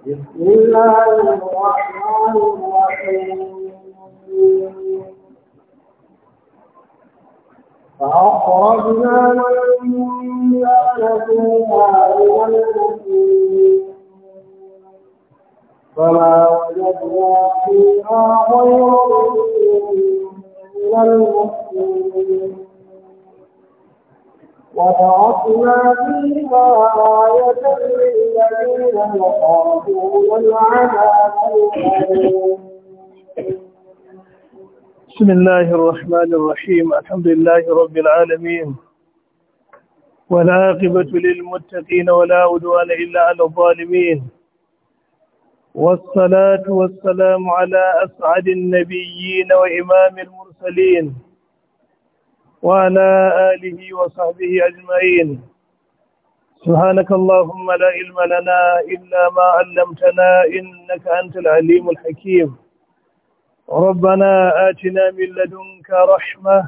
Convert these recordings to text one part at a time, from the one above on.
بسم الله الرحمن الرحيم فأخرجنا من جنتها إلى المسلمين فما وجدنا فيها غير من المسلمين وتركنا فيها آية للذين يخافون العذاب بسم الله الرحمن الرحيم الحمد لله رب العالمين والعاقبة للمتقين ولا عدوان إلا على الظالمين والصلاة والسلام على أسعد النبيين وإمام المرسلين وعلى آله وصحبه أجمعين سبحانك اللهم لا علم لنا إلا ما علمتنا إنك أنت العليم الحكيم ربنا آتنا من لدنك رحمة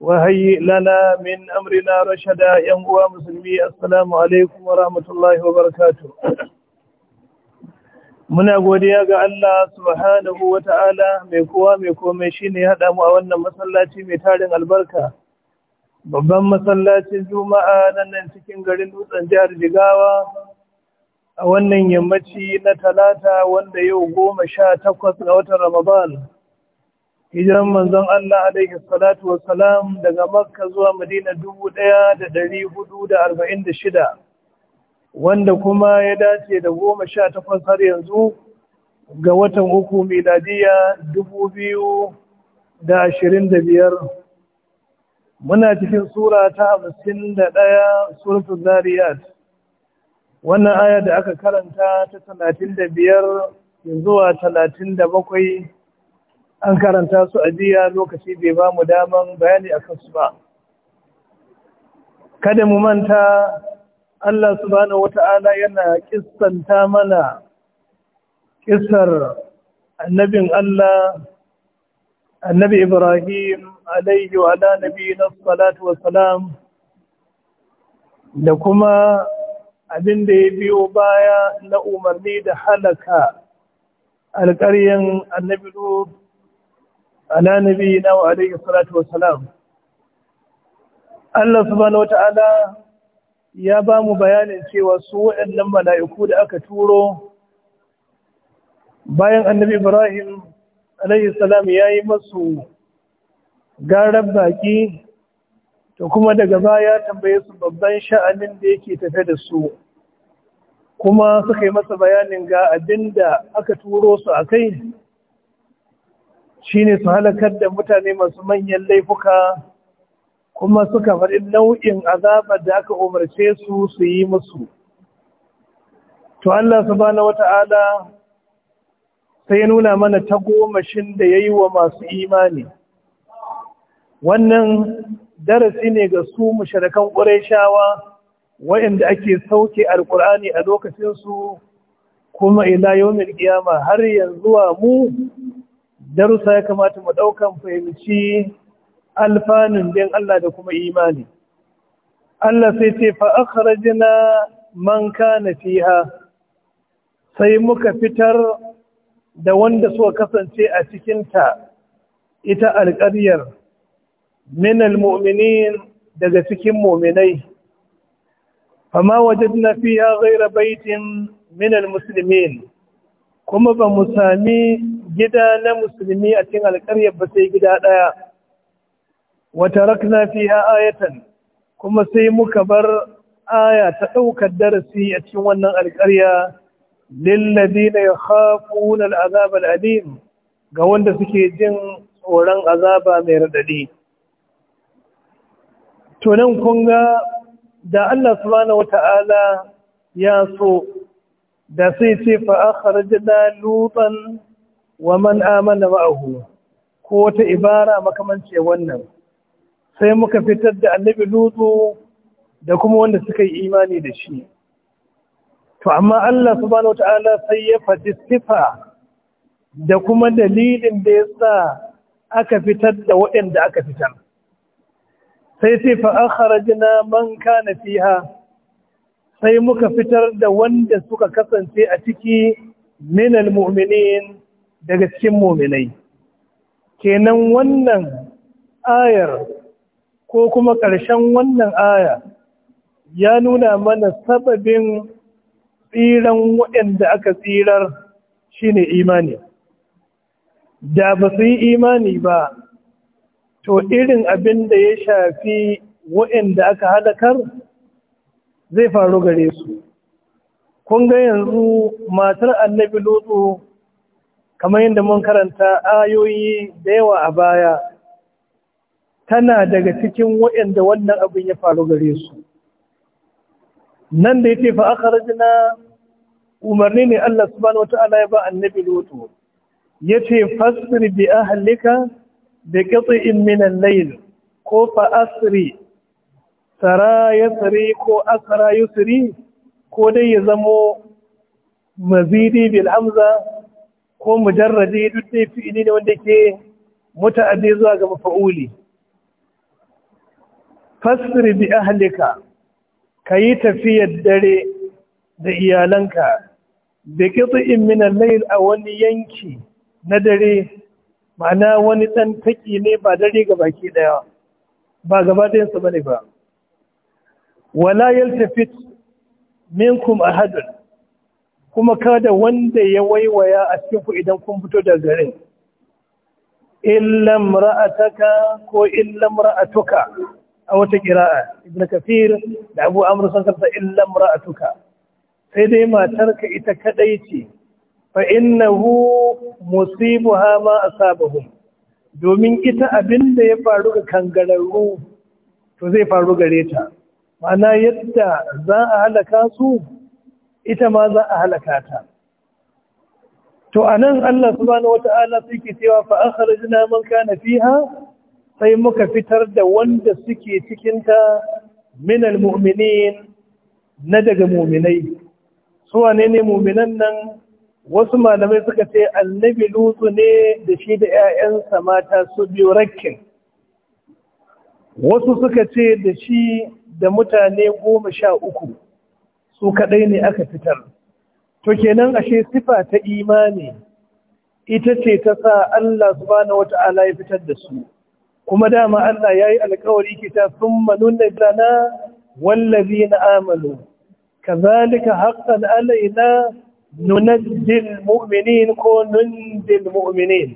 وهيئ لنا من أمرنا رشدا يا مسلمي السلام عليكم ورحمة الله وبركاته muna godiya ga Allah subhanahu wa ta'ala mai kowa mai komai shi ne haɗa mu a wannan masallaci mai tarin albarka babban masallacin juma'a nan nan cikin garin dutsen jihar jigawa a wannan yammaci na talata wanda yau goma sha takwas ga watan ramadan hijiran manzon Allah alaihi salatu salam daga makka zuwa madina dubu ɗaya da ɗari hudu da arba'in da shida wanda kuma ya dace da goma sha takwas har yanzu ga watan uku miladiya dubu biyu da ashirin da biyar muna cikin sura ta hamsin da ɗaya suratun zariyat wannan aya da aka karanta ta talatin da biyar zuwa talatin da bakwai an karanta su a jiya lokaci bai ba mu daman bayani a kansu ba kada mu manta Allah subhanahu wata'ala yana kissanta mana kissar annabin Allah annabi Ibrahim alaihi wa ala nabiyina salatu da kuma abin da ya biyo baya na umarni da halaka alƙaryan annabi Lut ala nabiyina wa alaihi salatu Allah subhanahu wata'ala ya ba mu bayanin cewa su waɗannan mala'iku da aka turo bayan annabi ibrahim salam ya yi masu garar baƙi ta kuma daga baya tambaye su babban sha'anin da yake tafe da su kuma suka yi masa bayanin ga abin da aka turo su a kai shi ne su halakar da mutane masu manyan laifuka kuma suka faɗi nau'in azabar da aka umarce su su yi musu to Allah subhanahu wata'ala sai ya nuna mana ta gomashin da ya yi wa masu imani wannan darasi ne ga su masharakan ƙurayshawa waɗanda ake sauke alƙur'ani a lokacinsu kuma ila yawmin kiyama har yanzuwa mu darussa ya kamata mu ɗaukan fahimci alfanun bin Allah da kuma imani Allah sai ce fa jina man kana fiha sai muka fitar da wanda suka kasance a cikin ta ita alƙaryar min almu'minin daga cikin mu'minai fama na fiha ghayra baitin min musulmi kuma ba mu sami gida na musulmi a cikin alƙaryar ba sai gida ɗaya watarakna fiha ayatan kuma sai muka bar aya ta ɗaukar darasi a cikin wannan alƙarya lilladina na al'azab al'alim ga wanda suke jin tsoron azaba mai radadi to nan da Allah subhanahu Ta'ala ya so da sai ce fa akhrajna lutan wa man amana ma'ahu ko wata ibara makamance wannan sai muka fitar da annabi lutu da kuma wanda suka yi imani da shi to amma Allah subhanahu wataala sai ya faɗi sifa da kuma dalilin da ya sa aka fitar da waɗanda aka fitar sai sai fa'akharajina man kana fiha sai muka fitar da wanda suka kasance a ciki minal mu'minin daga cikin mu'minai kenan wannan ayar ko kuma ƙarshen wannan aya ya nuna mana sababin tsiran waɗanda aka tsirar shine imani da ba su yi imani ba to irin abin da ya shafi waɗanda aka halakar zai faru gare su kun ga yanzu matar annabi lutsu kamar yadda mun karanta ayoyi da yawa a baya tana daga cikin waɗanda wannan abin ya faru gare su nan da ya yake fa akhrajna umarni ne Allah subhanahu wataala ya ba annabi ya ya fasiri bi ahlika da qit'in in al-layl ko fa asri ya tsari ko asra yusri ko dai ya zamo mazidi bil amza, ko mujarrade duk dai fi'ili ne wanda ke muta'addi zuwa ga mafa'uli fasiri bi ka yi tafiyar dare da iyalanka da qit'in in mina lail a wani yanki na dare ma'ana wani ɗan taƙi ne ba dare ga baki ɗaya. ba gaba ɗayansu ba ne ba wala yaltafit minkum ahadun kuma kada wanda ya waiwaya a cikin ku idan kun fito da garin illam ra'ataka ko illam ra'atuka a wata kira'a ibn kafir da abu amru sun karta illa mar'atuka sai dai matarka ita kadai ce fa innahu musibuha ma asabahum domin ita abin da ya faru ga kangararru to zai faru gare ta ma'ana yadda za a halaka su ita ma za a halaka ta to anan Allah subhanahu wata'ala sai ke cewa fa akhrajna man kana fiha sai muka fitar da wanda suke cikinta min almu'minin na daga mu'minai su wane ne mu'minan nan wasu malamai suka ce annabi lutsu ne da shi da 'ya'yansa mata su biyu rakkin wasu suka ce da shi da mutane goma sha uku su kaɗai ne aka fitar to kenan ashe sifa ta imani ita ce ta sa Allah subhanahu wata'ala ya fitar da su kuma dama Allah ya yi alkawari kita sun manunan dana wallazi na amalu ka zalika haƙƙan alaina nunaddil mu'minin ko nundil mu'minin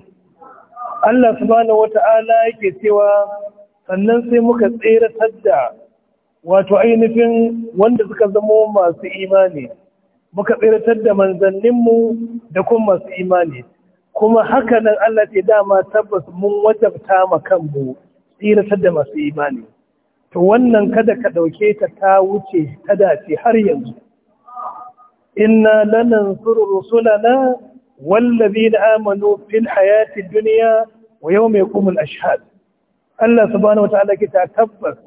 Allah subhanahu wata'ala yake cewa sannan sai muka tseratar da wato ainihin wanda suka zamo masu imani muka tseratar da manzanninmu da kuma masu imani kuma haka nan Allah ce dama tabbas mun wajabta ma kanmu tsiratar da masu imani to wannan kada ka dauke ta ta wuce ta dace har yanzu inna lanansuru rusulana wallazina amanu fil hayati dunya wa mai yaqumul ashhad Allah subhanahu wataala ke ta tabbas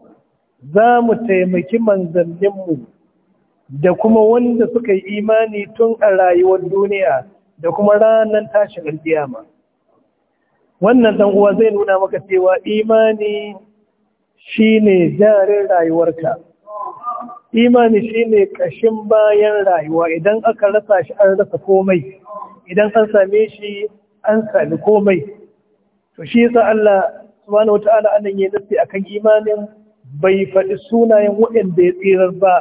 za mu taimaki manzanninmu da kuma wanda suka yi imani tun a rayuwar duniya da kuma ranar tashin alkiyama wannan dan uwa zai nuna maka cewa imani shine jarin rayuwarka imani shine kashin bayan rayuwa idan aka rasa shi an rasa komai idan an same shi an sami komai to shi yasa Allah subhanahu wataala anan ya dace akan imanin bai faɗi sunayen waɗanda ya tsirar ba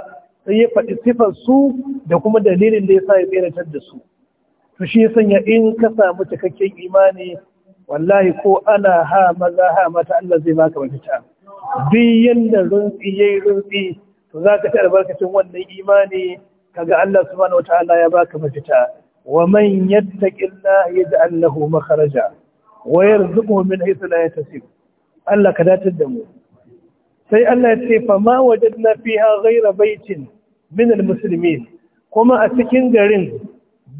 sai ya faɗi sifar su da kuma dalilin da ya sa ya tsiratar da su to shi sanya in ka samu cikakken imani wallahi ko ana ha maza ha mata Allah zai baka mafita duk yanda runtsi yayi runtsi to zaka ta albarkacin wannan imani kaga Allah subhanahu wataala ya baka mafita wa man yattaqillaha yaj'al lahu makhraja wa yarzuquhu min haythu la yahtasib Allah ka datar da mu sai Allah ya ce fa ma wajadna fiha ghayra baitin min almuslimin kuma a cikin garin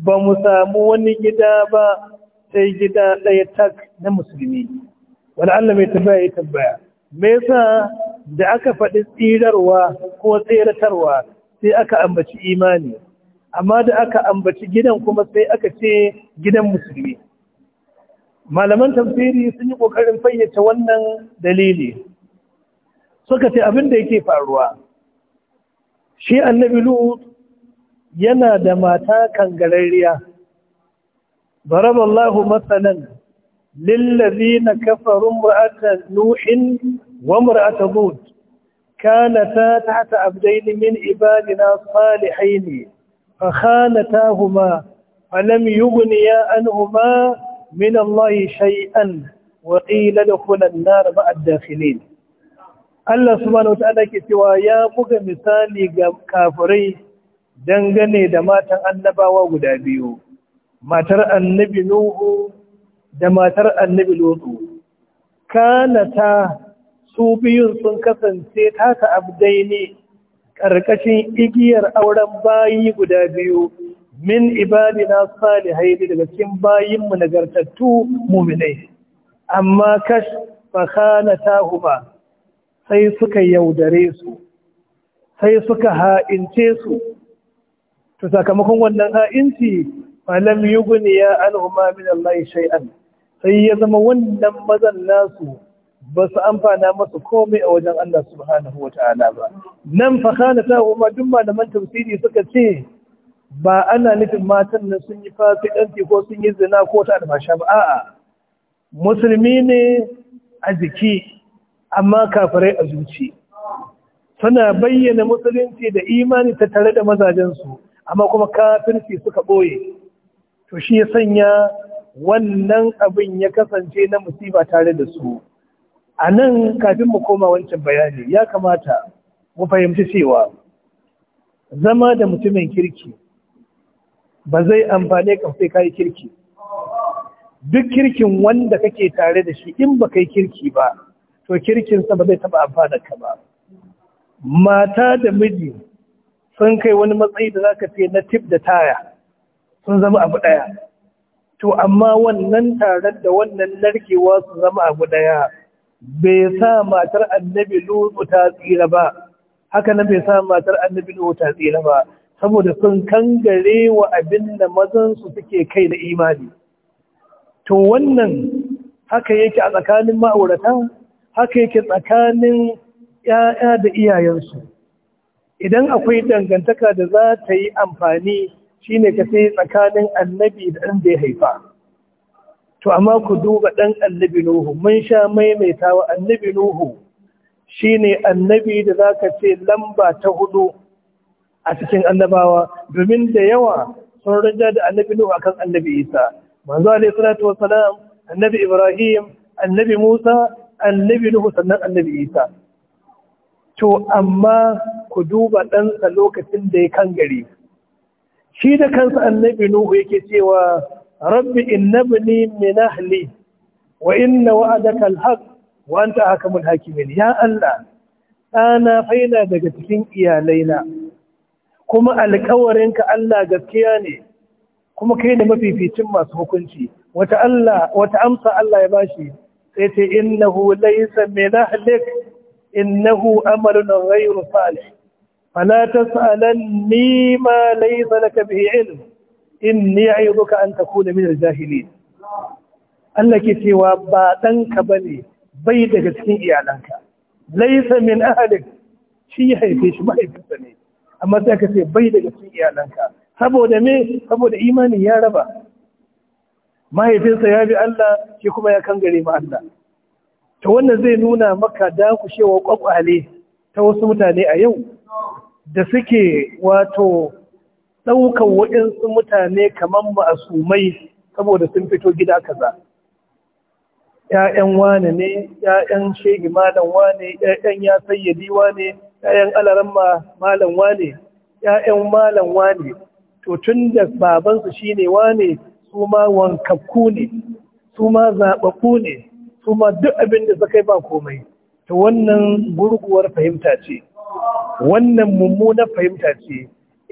ba mu samu wani gida ba sai gida ɗaya tak na musulmi Wani Allah mai tabbaya ya tabbaya me sa da aka faɗi tsirarwa ko tseratarwa sai aka ambaci imani amma da aka ambaci gidan kuma sai aka ce gidan musulmi malaman tafsiri sun yi ƙoƙarin fayyace wannan dalili suka ce abin da yake faruwa shi annabi lut yana da mata kangararriya baraballahu matsalan lillazina kafarun imra'atan nuhin wa imra'atan lut kanata ta abdayn min ibadina salihin fa khanatahuma falam yughniya anhuma min allahi shay'an wa qila dakhula an-nar ma'a dakhilin Allah subhanahu wa ta'ala ke cewa ya buga misali ga kafirai dangane da matan annabawa guda biyu matar annabi nuhu da matar annabi lutu kanata su biyun sun kasance taka abdai ne ƙarƙashin igiyar auren bayi guda biyu min ibadina salihai daga cikin mu nagartattu muminai amma kash ta huma sai suka yaudare su sai suka ha'ince su to sakamakon wannan ha'inci malam yuguni ya min Allah shay'an sai ya zama wannan mazan nasu ba su amfana masu komai a wajen Allah subhanahu wa ta'ala ba nan fa kana ta umma duk malaman tafsiri suka ce ba ana nufin matan nan sun yi fasikanci ko sun yi zina ko ta albasha ba a'a musulmi ne a jiki amma kafirai a zuci suna bayyana musulunci da imani ta tare da mazajensu amma kuma kafirci suka ɓoye to shi ya sanya wannan abin ya kasance na musiba tare da su a nan kafin mu koma wancan bayani ya kamata mu fahimci cewa zama da mutumin kirki ba zai amfane ka sai kayi kirki duk kirkin wanda kake tare da shi in ba kai kirki ba to kirkinsa ba zai taba amfana ka ba mata da miji sun kai wani matsayi da za ka fiye na tip da taya sun zama abu ɗaya to amma wannan tarar da wannan narkewa su zama abu ɗaya bai sa matar annabi lutsu ta tsira ba haka nan bai sa matar annabi lutsu ta tsira ba saboda sun kangare wa abin da mazansu suke kai da imani to wannan haka yake a tsakanin ma'aurata haka yake tsakanin ‘ya'ya da iyayensu idan akwai dangantaka da za ta yi amfani shine ka sai tsakanin annabi da ɗan da ya haifa to amma ku duba ɗan annabi nuhu mun sha maimaita wa annabi nuhu shine annabi da za ka ce lamba ta hudu a cikin annabawa domin da yawa sun rinja da annabi nuhu akan annabi isa manzo alaihi salatu wassalam annabi ibrahim annabi musa annabi nuhu sannan annabi isa to amma ku duba ɗansa lokacin da ya kan gari shi da kansa annabi nuhu yake cewa rabbi innabni min ahli wa inna wa'adaka alhaq wa anta hakamul hakimin ya Allah ɗana faina daga cikin iyalaina kuma alkawarinka Allah gaskiya ne kuma kai ne mafificin masu hukunci wata amsa Allah ya bashi sai ce innahu laysa min ahlik innahu amalun ghayru salih فلا تسألني ما ليس لك به علم إني أعظك أن تكون من الجاهلين Allah ke cewa ba ɗanka ba ne bai daga cikin iyalanka, laisa min ahalin shi ya haife shi mahaifinsa ne, amma sai ka ce bai daga cikin iyalanka, saboda me saboda imanin ya raba. Mahaifinsa ya bi Allah shi kuma ya kangare ma Allah. Ta wannan zai nuna maka dakushewar kwakwale ta wasu mutane a yau da suke wato ɗaukan waɗansu mutane kamar ma'asumai saboda sun fito gida kaza. ‘Ya'yan wane ne, ‘ya'yan shegi malam wane, ‘ya'yan ya sayyadi wane, ‘ya'yan alaran malam wane, ‘ya'yan malam wane, to tun da babansu shi ne wane su ma wankakku ne, su ma zaɓaɓɓu ne, su ma duk abin da suka yi ba komai. To wannan gurguwar fahimta ce. wannan mummunar fahimta ce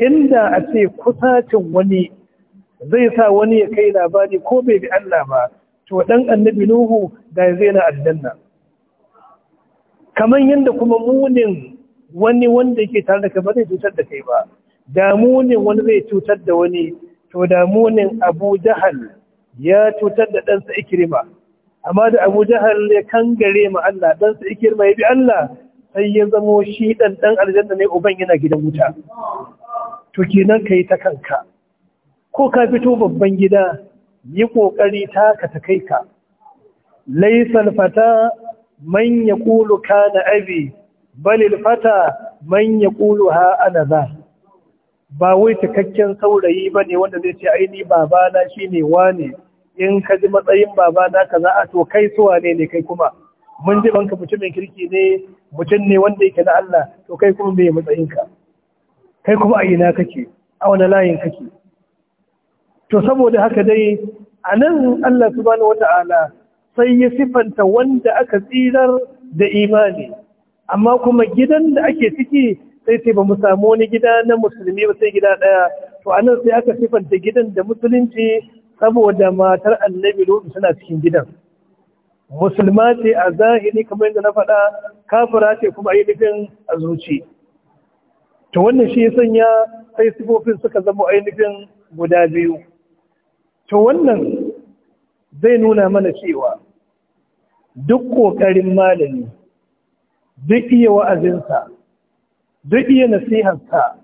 inda a ce kusacin wani zai sa wani ya kai labari ko bai bi Allah ba to dan annabi nuhu da zai na aljanna Kaman yadda kuma munin wani wanda yake tare da kai ba zai cutar da kai ba da munin wani zai cutar da wani to da munin Abu Jahal ya cutar da dansa Ikrima amma da Abu Jahal ya kangare ma Allah dansa Ikrima ya bi Allah sai ya zamo shi ɗan ɗan aljanna ne uban yana gidan wuta to kenan ka yi ta kanka ko ka fito babban gida yi ƙoƙari ta ka ta kai ka laisal fata man ya kulu kana abi balil fata man ya kulu ha ana za ba wai cikakken saurayi ba ne wanda zai ce aini babana shi ne wane in ka ji matsayin babana ka za a to kai suwa ne ne kai kuma mun ji banka mutumin kirki ne mutum ne wanda yake na Allah to kai kuma bai matsayinka kai kuma a ina kake a wani layin kake to saboda haka dai a nan Allah subhanahu wata'ala sai ya sifanta wanda aka tsirar da imani amma kuma gidan da ake ciki sai sai ba mu samu wani gida na musulmi ba sai gida ɗaya to a nan sai aka sifanta gidan da musulunci saboda matar annabi lutu suna cikin gidan musulma ce a zahiri kamar yadda na faɗa kafira ce kuma ainihin a zuci to wannan shi ya sanya sai sifofin suka zama ainihin guda biyu to wannan zai nuna mana cewa duk ƙoƙarin malami duk iya wa'azinsa duk iya nasiharsa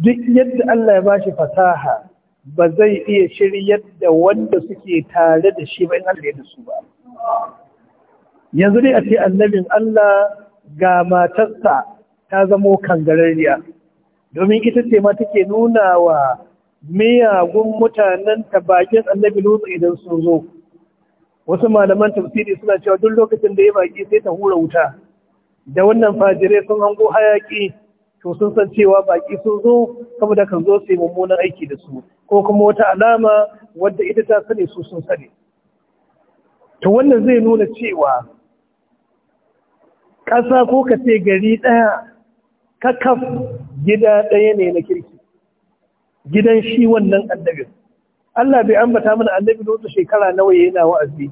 duk yadda Allah ya ba shi fasaha ba zai iya shiryar da wanda suke tare da shi ba in Allah ya da su ba yanzu dai a ce annabin Allah ga matarsa ta zamo kangararriya domin ita ce ma take nuna wa miyagun mutanen ta bakin annabi lutsu idan sun zo wasu malaman tafsiri suna cewa duk lokacin da ya baki sai ta hura wuta da wannan fajirai sun hango hayaki to sun san cewa baki sun zo saboda kan zo su yi mummunan aiki da su ko kuma wata alama wadda ita ta sani su sun sani to wannan zai nuna cewa ƙasa ko ka ce gari ɗaya kakaf gida ɗaya ne na kirki gidan shi wannan annabin Allah bai ambata mana annabi lokacin shekara nawa yana wa'azi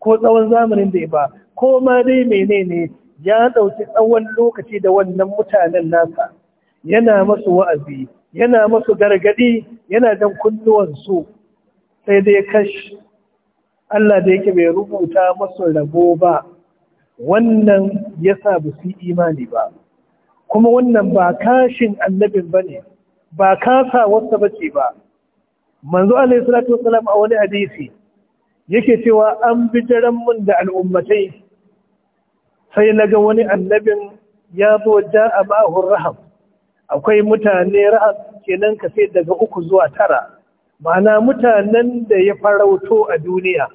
ko tsawon zamanin da ya ba ko ma dai menene ya ɗauki tsawon lokaci da wannan mutanen nasa yana masu wa'azi yana masu gargaɗi yana don kunnuwansu sai dai kashi. Allah da yake bai rubuta masu rabo ba wannan ya sa ba su imani ba kuma wannan ba kashin annabin ba ne ba kasa wasa ce ba manzo ya salatu wasalam a wani hadisi yake cewa an bi mun da al'ummatai sai na ga wani annabin ya zo ja a ma'ahun raham akwai mutane raham kenan ka sai daga uku zuwa tara ma'ana mutanen da ya farauto a duniya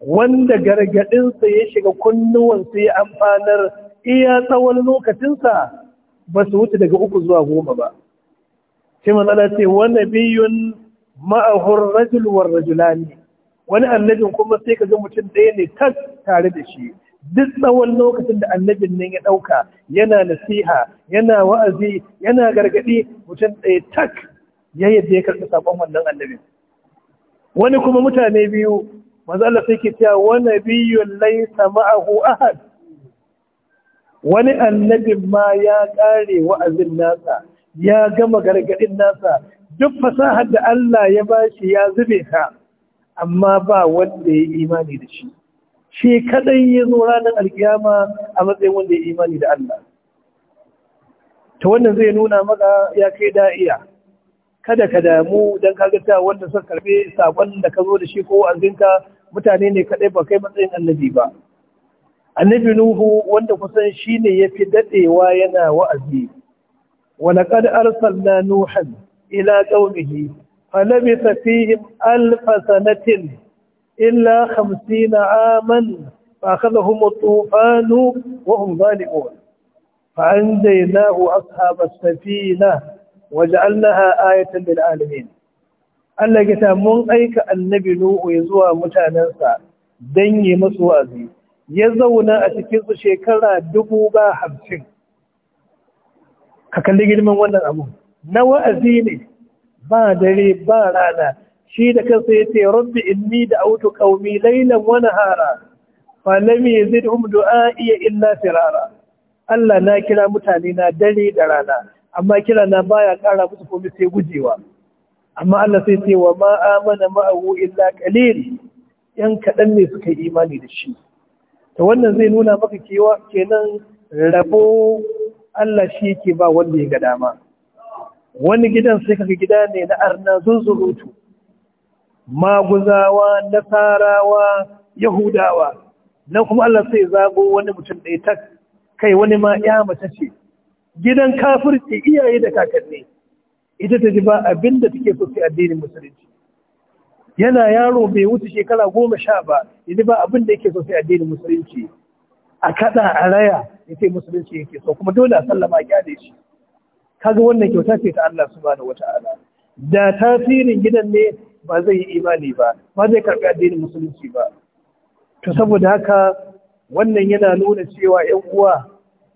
wanda gargaɗinsa ya shiga kunnuwansu ya amfanar iya tsawon lokacinsa ba su wuce daga uku zuwa goma ba. Shi matsala ce wani biyun ma'ahur rajulwar rajulani, wani annabin kuma sai ka ga mutum ɗaya ne tas tare da shi. Duk tsawon lokacin da annabin nan ya ɗauka yana nasiha, yana wa'azi, yana gargaɗi mutum ɗaya tak ya yadda ya karɓi saƙon wannan annabin. Wani kuma mutane biyu Allah sai ke cewa wa nabiyyun laysa ma'ahu ahad wani annabin ma ya ƙare wa'azin nasa ya gama gargaɗin nasa duk fasahar da Allah ya bashi ya zube ta amma ba wanda ya imani da shi shi kadai ya zo ranar alkiyama a matsayin wanda ya imani da Allah ta wannan zai nuna maka ya kai da'iya kada ka damu don kaga ta wanda suka karbe sakon da ka zo da shi ko azinka mutane ne kadai ba kai matsayin annabi ba annabi nuhu wanda kusan shine yafi dadewa yana wa'azi wa laqad arsalna nuhan ila qaumihi falabitha fihim alf sanatin illa 50 aman فأخذهم الطوفان وهم ظالمون فأنجيناه أصحاب السفينة وجعلناها آية للعالمين Allah ya ta mun aika annabi Nuhu ya zuwa mutanensa don yi masu wa'azi, ya zauna a cikinsu shekara dubu ba hamsin. Ka kalli girman wannan abu, na wa'azi ne ba dare ba rana, shi da kansa ya ce, Rabbi inni da autu ƙaumi lailan wani hara, falami lam zai du'ai iya illa firara. Allah na kira mutane na dare da rana, amma kira na baya kara musu komai sai gujewa. amma Allah sai ce wa ma amana ma'ahu illa qalil yan kaɗan ne suka yi imani da shi ta wannan zai nuna maka kewa kenan rabo Allah shi yake ba wanda ya ga dama wani gidan sai kaga gida ne na arna zunzurutu maguzawa nasarawa yahudawa nan kuma Allah sai zago wani mutum ɗaya ta kai wani ma ya mace ce gidan kafirci iyaye da kakanni ita ta ji ba abin da take so sai addinin musulunci yana yaro bai wuce shekara goma sha ba ya ji ba abin da yake so sai addinin musulunci a kada a raya ya ce musulunci yake so kuma dole a sallama a gyade shi kaga wannan kyauta ce ta Allah subhanahu wata'ala da tasirin gidan ne ba zai yi imani ba ba zai karbi addinin musulunci ba to saboda haka wannan yana nuna cewa 'yan uwa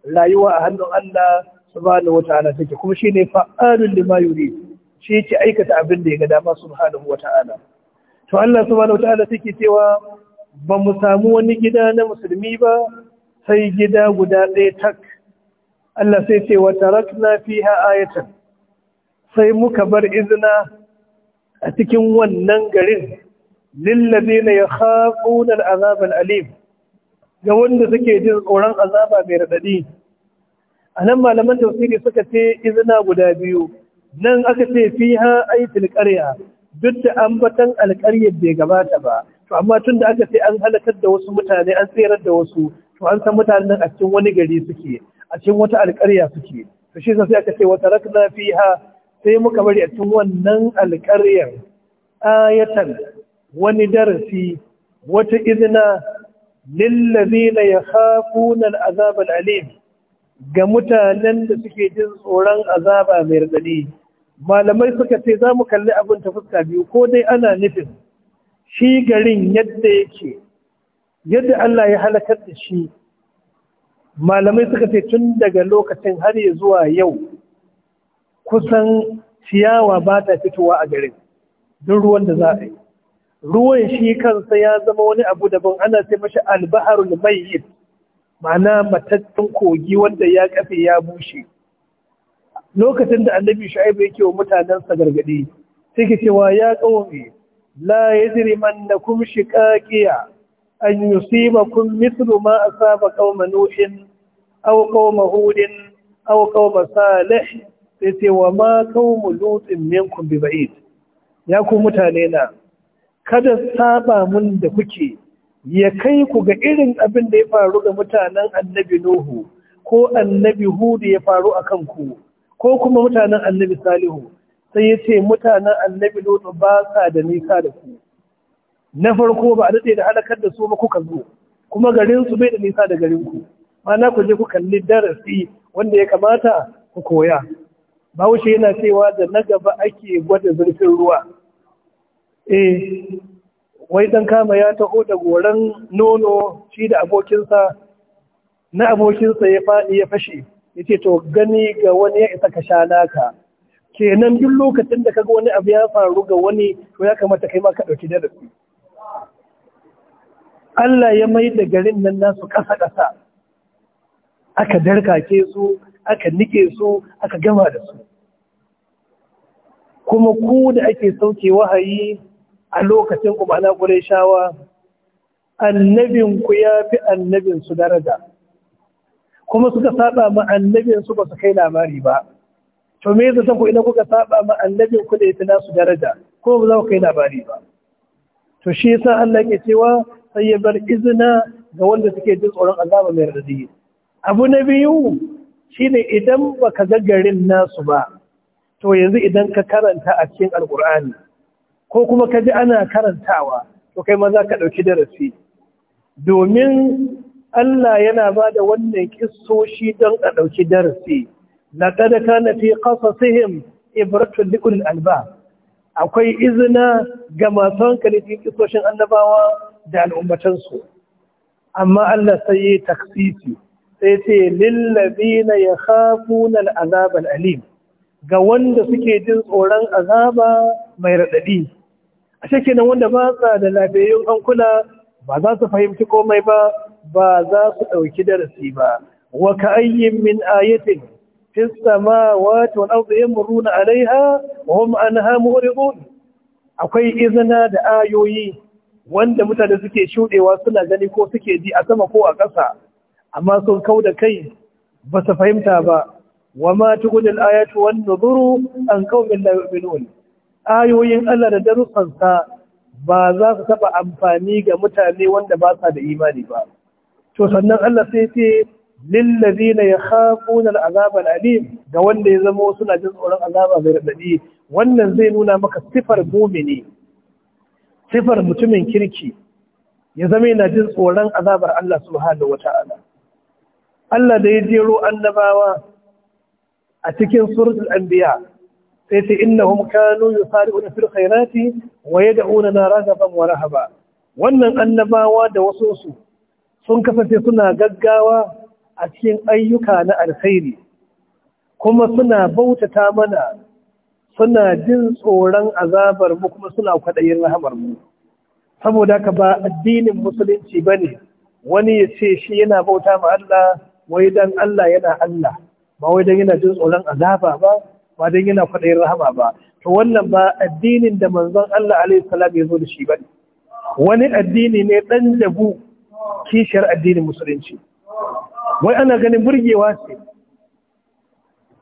rayuwa a hannun Allah subhanahu wata'ala take kuma shine fa'alun lima yurid shi yake aikata abin da ya ga dama subhanahu wata'ala to Allah subhanahu wata'ala take cewa ba mu samu wani gida na musulmi ba sai gida guda ɗaya tak Allah sai ce wa tarakna fiha ayatan sai muka bar izina a cikin wannan garin lillazina yakhafuna al'azab al'alim ga wanda suke jin tsoron azaba mai radadi a nan malaman tausiri suka ce izina guda biyu nan aka ce fi ha aikin ƙarya duk da ambatan alkaryar bai gabata ba to amma tun da aka ce an halakar da wasu mutane an tserar da wasu to an san mutanen a cikin wani gari suke a cikin wata alkarya suke to shi sai aka ce wata rakna fiha sai muka bari a cikin wannan alƙaryar ayatan wani darasi wata izina lillazina yakhafuna al'azab al'alim ga mutanen da suke jin tsoron azaba mai radadi malamai suka ce za mu kalli abin ta fuska biyu ko dai ana nufin shi garin yadda yake yadda Allah ya halakar da shi malamai suka ce tun daga lokacin har ya zuwa yau kusan ciyawa ba ta fitowa a garin duk ruwan da za a yi ruwan shi kansa ya zama wani abu daban ana ce mashi albaharul mayyit ma'ana matattun kogi wanda ya kafe ya bushe lokacin da annabi shu'aibu yake wa mutanensa gargadi sai ke cewa ya qaumi la nakum shiqaqiya an yusibakum mithlu ma asaba qauma nuhin aw qauma hudin aw qauma salih sai ce wa ma qaumu lutin minkum bi ba'id ya ku mutane na kada saba mun da kuke ya kai ku ga irin abin da ya faru ga mutanen annabi Nuhu ko annabi Hudu ya faru a kanku ko kuma mutanen annabi Salihu sai ya ce mutanen annabi Lutu ba sa da nisa da ku na farko ba a daɗe da halakar da su ba kuka zo kuma garin su bai da nisa da garin ku mana ku je ku kalli darasi wanda ya kamata ku koya Bahaushe yana cewa da na gaba ake gwada zurfin ruwa eh wai dan kama ya taho da goran nono shi da abokinsa na abokinsa ya faɗi ya fashe ya ce to gani ga wani ya isa ka sha naka kenan duk lokacin da kaga wani abu ya faru ga wani to ya kamata kai ma ka ɗauki darasi Allah ya mai da garin nan nasu ƙasa-ƙasa aka darkake su aka nike su aka gama da su kuma ku da ake sauke wahayi a lokacin kuma na shawa annabinku ya fi annabinsu daraja kuma suka saba ma annabinsu ba su kai labari ba to me yasa san ku idan kuka saba ma annabinku da ya fi nasu daraja ko ba za ku kai labari ba to shi yasa Allah ke cewa sai ya bar izina ga wanda suke jin tsoron azaba mai radadi abu na biyu shine idan baka ga garin nasu ba to yanzu idan ka karanta a cikin alkur'ani ko kuma ka ji ana karantawa to kai maza ka ɗauki darasi domin Allah yana ba da wannan kisoshi don a ɗauki darasi laqad na fi qasasihim ibratun liqul alba akwai izina ga masu hankali cikin kisoshin annabawa da al'ummatansu amma Allah sai ya taksisi sai ce lillazina yakhafuna al'azab al'alim ga wanda suke jin tsoron azaba mai raɗaɗi a kenan wanda ba sa da lafiyayyun hankula ba za su fahimci komai ba ba za su ɗauki darasi ba wa ka'ayyin min ayatin fi samawati wal ardi yamruna alaiha wa hum anha mu'ridun akwai izina da ayoyi wanda mutane suke shudewa suna gani ko suke ji a sama ko a ƙasa amma sun kau da kai ba su fahimta ba wa ma tugunil ayatu wan nuduru an qaumin la yu'minun ayoyin Allah da darussansa ba za su taɓa amfani ga mutane wanda ba sa da imani ba. To sannan Allah sai ce lillazi na ya haƙuna azabar alim ga wanda ya zama suna jin tsoron azaba mai raɗaɗi wannan zai nuna maka sifar mumini sifar mutumin kirki ya zama yana jin tsoron azabar Allah subhanahu wata'ala Allah da ya jero annabawa a cikin suratul anbiya sai ce innahum kanu yusari'una fil khairati wa yad'una na wa rahaba wannan annabawa da wasu su sun kasance suna gaggawa a cikin ayyuka na alkhairi kuma suna bautata mana suna jin tsoron azabar mu kuma suna kwaɗayin rahamar mu saboda haka ba addinin musulunci bane wani ya ce shi yana bauta ma Allah wai dan Allah yana Allah ba wai dan yana jin tsoron azaba ba ba dan yana kwaɗayin rahama ba to wannan ba addinin da manzon Allah alaihi salam ya zo da shi ba wani addini ne dan dabu kishiyar addinin musulunci wai ana ganin burgewa ce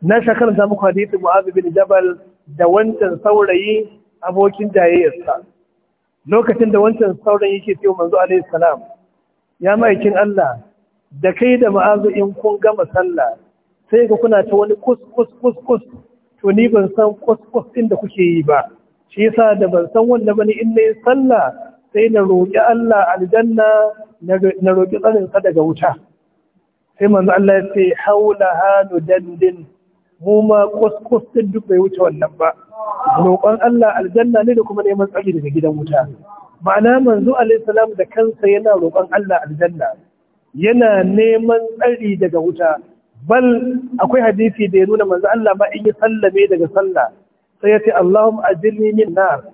na shakar da muku hadisi mu'azu bin jabal da wancan saurayi abokin jayayyarsa lokacin da wancan saurayi yake cewa manzo alaihi salam ya ma'aikin Allah da kai da ma'azu in kun gama sallah sai ga kuna ta wani kus kus kus kus to ni ban san kwaskwas ɗin da kuke yi ba shi yasa da ban san wanda bane in na yi sallah sai na roƙi Allah aljanna na roƙi tsarinsa daga wuta sai manzo Allah ya ce haula hanu dandin mu ma kwaskwas ɗin duk bai wuce wannan ba roƙon Allah aljanna ne da kuma neman tsari daga gidan wuta ma'ana manzo alaihi salam da kansa yana roƙon Allah aljanna yana neman tsari daga wuta bal akwai hadisi da ya nuna manzo Allah ma in yi sallame daga sallah sai ya ce Allahumma ajirni min nar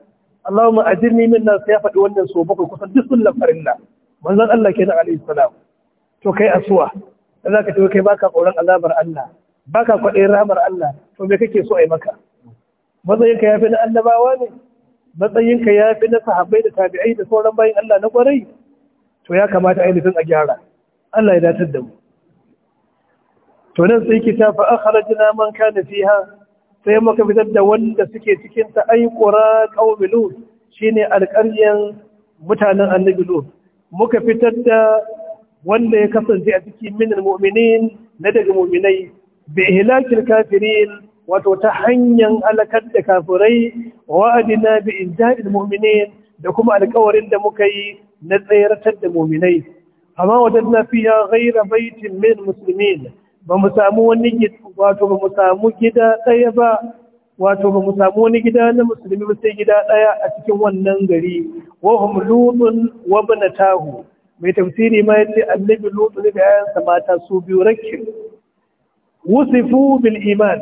Allahumma ajirni min nar sai ya faɗi wannan so bakwai kusan duk sun lafarin nan Allah kenan alaihi salam to kai asuwa dan zaka ce kai baka tsoron azabar Allah baka kwaɗayin ramar Allah to me kake so ai maka matsayinka yafi na annabawa ne matsayinka yafi na sahabbai da tabi'ai da sauran bayin Allah na kwarai to ya kamata ainihin a gyara Allah ya datar da mu to nan sai kita fa akhrajna man kana fiha sai muka fitar da wanda suke cikin ta ay qura lut shine alƙaryan mutanen annabi lut muka fitar da wanda ya kasance a cikin minal mu'minin na daga mu'minai bi ihlakil kafirin wato ta hanyar alakar da kafirai wa'adina bi inja'il mu'minin da kuma alƙawarin da muka yi na tsayartar da mu'minai amma wajen na fiya ghaira baitin min muslimin ba mu samu wani wato ba mu samu gida ɗaya ba wato ba mu samu wani gida na musulmi ba sai gida ɗaya a cikin wannan gari wa hum lutun wa banatahu mai tafsiri ma yace annabi lutun da yayansa mata su biyu rakin wusifu bil iman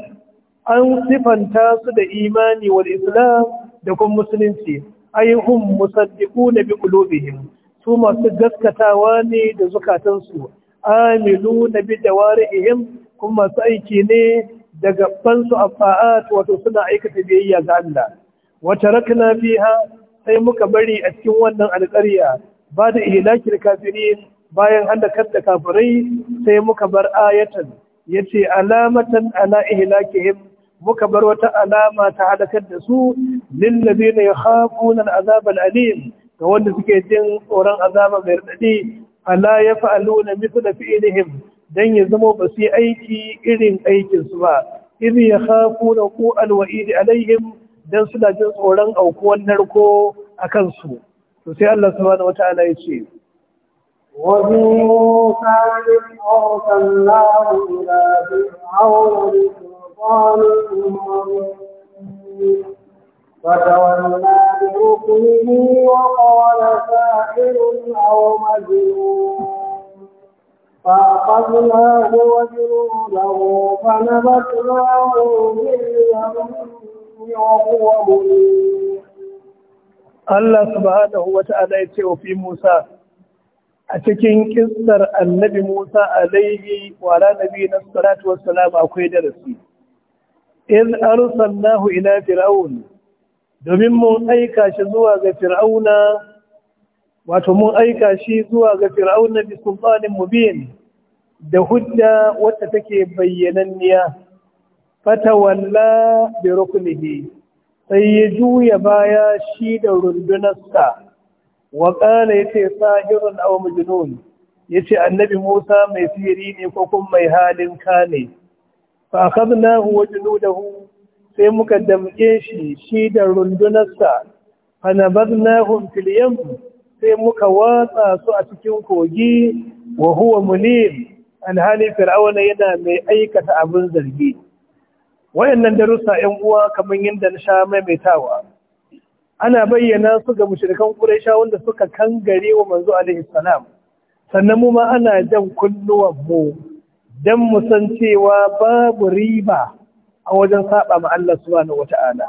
an sifanta su da imani wal islam da kuma musulunci ayi hum musaddiquna bi qulubihim su masu gaskatawa ne da zukatansu Aminu na bi da ihim kuma masu aiki ne da gabansu a fa'at wato suna aikata biyayya ga Allah wata rakna fiha sai muka bari a cikin wannan alƙarya ba da ihlakil kafirin bayan halakar da kafirai sai muka bar ayatan yace alamatan ala ihlakihim muka bar wata alama ta halakar da su lil ladina yakhafuna al-azab alim ga wanda suke jin tsoron azaba mai radadi ala ya fa'aluna fi ilihim don ya zama ba su yi aiki irin aikinsu ba, iri ya hafu da ku alwa'id alaihim dan suna jin tsoron aukuwan narko a kansu. to sai Allah wata ala ya ce وموسى da فتولى بركنه وقال ساحر أو مجنون فأخذناه وجنوده فنبتناه وهو Allah subhanahu wa ta'ala ya ce wa fi Musa a cikin ƙistar annabi Musa alaihi wa ranabi na salatu salama akwai darasi. In an sannahu ina fir'aun domin mun aika shi zuwa ga fir'auna wato mun aika shi zuwa ga fir'auna bi sultanin mubin da hujja wacce take bayyananniya fatawalla bi ruknihi sai ya juya baya shi da rundunarsa wa qala yace sahirun aw majnun yace annabi Musa mai sihiri ne ko kuma mai halin kane fa akhadnahu wa junudahu sai muka damke shi shi da rundunarsa fanabadnahum nahun filiyan. sai muka watsa su a cikin kogi wa huwa mulim alhali fir'auna yana mai aikata abin zargi wayannan darussa 'yan uwa kamar yadda na sha maimaitawa ana bayyana su ga mushrikan quraisha wanda suka kangare wa manzo alaihi salam sannan mu ma ana jan kunnuwan mu dan mu san cewa babu riba a wajen saba ma Allah subhanahu wata'ala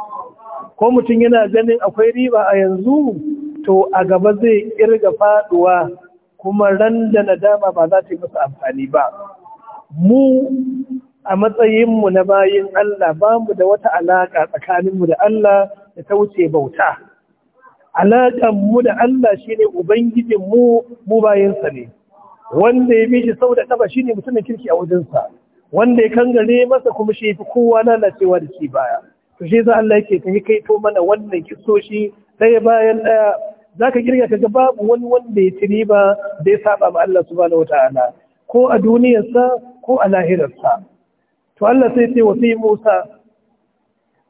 ko mutum yana ganin akwai riba a yanzu to a gaba zai kirga faduwa kuma ran da nadama ba za ta yi masa amfani ba mu a matsayin mu na bayin Allah ba mu da wata alaƙa mu da Allah da ta wuce bauta mu da Allah shine ubangijin mu mu bayinsa ne wanda ya bi shi sau da ƙafa shine mutumin kirki a wajensa wanda ya kangare masa kuma shi fi kowa lalacewa da shi baya to shi za Allah yake yi kai to mana wannan kisoshi ɗaya bayan ɗaya Za zaka kirga ga babu wani wanda ya ci riba da ya saba ma Allah subhanahu wataala ko a duniyarsa ko a lahirarsa to Allah sai ce wa Musa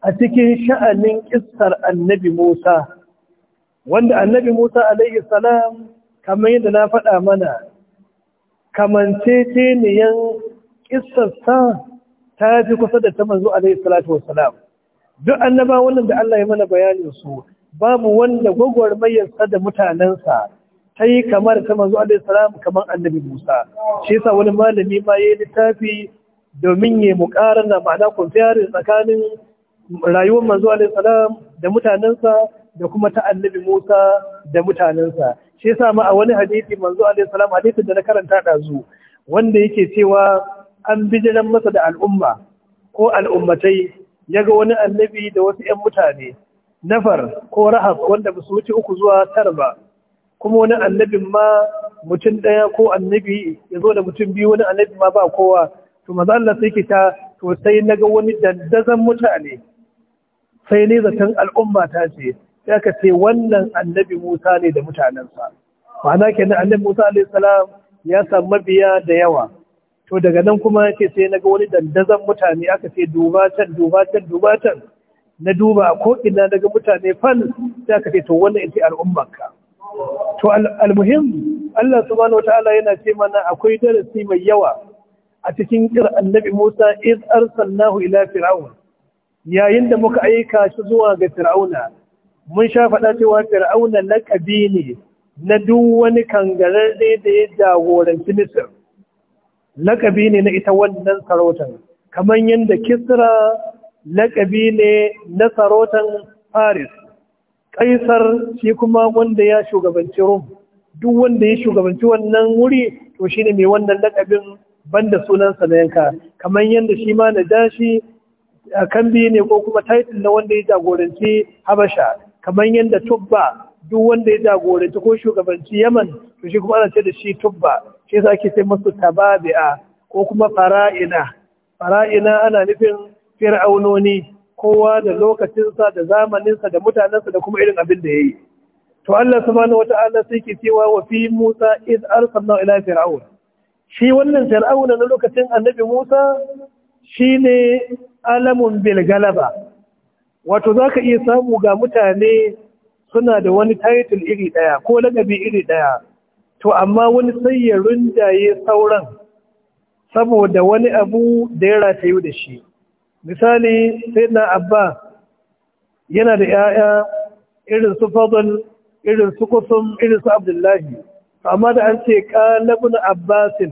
a cikin sha'anin kissar annabi Musa wanda annabi Musa alaihi salam kamar yadda na faɗa mana kamanceceniyan kissarsa ta fi kusa da ta manzo alaihi salatu salam duk annaba wannan da Allah ya mana bayanin su babu wanda gwagwarmayarsa da mutanensa ta yi kamar ta manzo alaihi salam kamar annabi Musa shi yasa wani malami ma yayi littafi domin ya muƙarana ma'ana kwamfiyari tsakanin rayuwar manzo alaihi salam da mutanensa da kuma ta annabi Musa da mutanensa shi yasa ma a wani hadisi manzo alaihi salam hadisin da na karanta ɗazu wanda yake cewa an bijiran masa da al'umma ko al'ummatai ya ga wani annabi da wasu ‘yan mutane nafar ko rahab wanda ba su wuce uku zuwa tara ba kuma wani annabin ma mutum ɗaya ko annabi ya zo da mutum biyu wani annabi ma ba kowa to maza Allah sai kita to sai na ga wani dandazon mutane sai ne zaton al'umma ta ce ya ka ce wannan annabi Musa ne da mutanensa ma'ana kenan annabi Musa alaihi salam ya samu mabiya da yawa to daga nan kuma ke sai na ga wani dandazan mutane aka ce duba can duba can duba can na duba ko ina daga mutane fan sai aka ce to wannan ita al'ummarka to almuhim Allah subhanahu wataala yana ce mana akwai darasi mai yawa a cikin kira annabi Musa iz arsalnahu ila fir'aun yayin da muka aika shi zuwa ga fir'auna mun sha faɗa cewa fir'auna lakabi ne na duk wani kangararre da ya jagoranci Misir lakabi ne na ita wannan sarautar kamar yadda kisra lakabi ne na sarautar paris kaisar shi kuma wanda ya shugabanci rum duk wanda ya shugabanci wannan wuri to shine mai wannan lakabin banda sunansa na yanka kamar yadda shi ma na dashi a kambi ne ko kuma title na wanda ya jagoranci habasha kamar yadda tubba duk wanda ya jagoranci ko shugabanci yaman to shi kuma ana ce da shi tubba shi yasa ake sai masu tababi'a ko kuma fara'ina fara'ina ana nufin fir'aunoni kowa da lokacinsa da zamaninsa da mutanensa da kuma irin abin da ya yi to Allah subhanahu wata'ala sai ke cewa wa fi Musa iz arsalna ila fir'aun shi wannan fir'auna na lokacin annabi Musa shine alamun bilgalaba. galaba wato zaka iya samu ga mutane suna da wani title iri ɗaya ko lagabi iri ɗaya? to amma wani sai ya rundaye sauran saboda wani abu da ya ratayu da shi misali sai na abba yana da 'ya'ya irin su fadl irin su kusum irin su abdullahi amma da an ce kalabun abbasin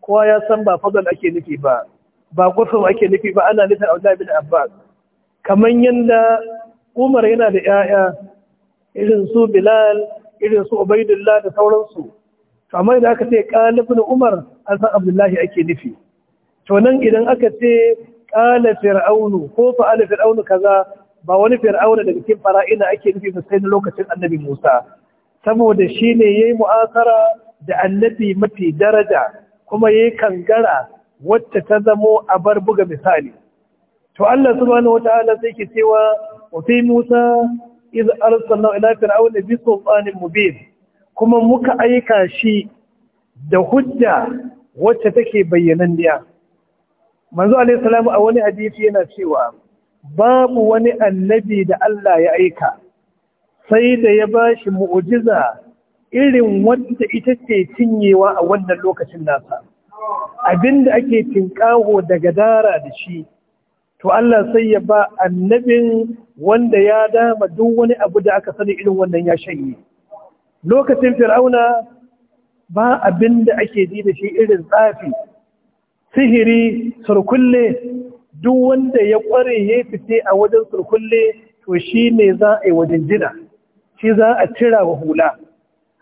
kowa ya san ba fadl ake nufi ba ba kusum ake nufi ba ana nufin abdullahi bin abbas kamar yadda umar yana da 'ya'ya irin su bilal irin su ubaidullah da sauransu amma idan aka ce qala umar an san abdullahi ake nufi to nan idan aka ce qala fir'aunu ko fa'ala fir'aunu kaza ba wani fir'auna daga cikin fara'ina ake nufi sosai sai na lokacin annabi Musa saboda shi ya yayi mu'asara da annabi mafi daraja kuma yi kangara wacce ta zamo a bar buga misali to Allah subhanahu wataala sai ke cewa wa fi Musa iz arsalna ila fir'auna bi sultanin mubin kuma muka aika shi da hujja wacce take bayyananniya manzo Alayhi salamu a wani hadisi yana cewa babu wani annabi da Allah ya aika sai da ya bashi mu'ujiza irin wanda ita ce cinyewa a wannan lokacin nasa abinda ake tinkaho daga dara da shi to Allah sai ya ba annabin wanda ya dama duk wani abu da aka sani irin wannan ya shanye lokacin fir'auna ba abin da ake ji da shi irin tsafi sihiri surkulle duk wanda ya kware ya fice a wajen surkulle to shi ne za a yi wajen jina shi za a cira wa hula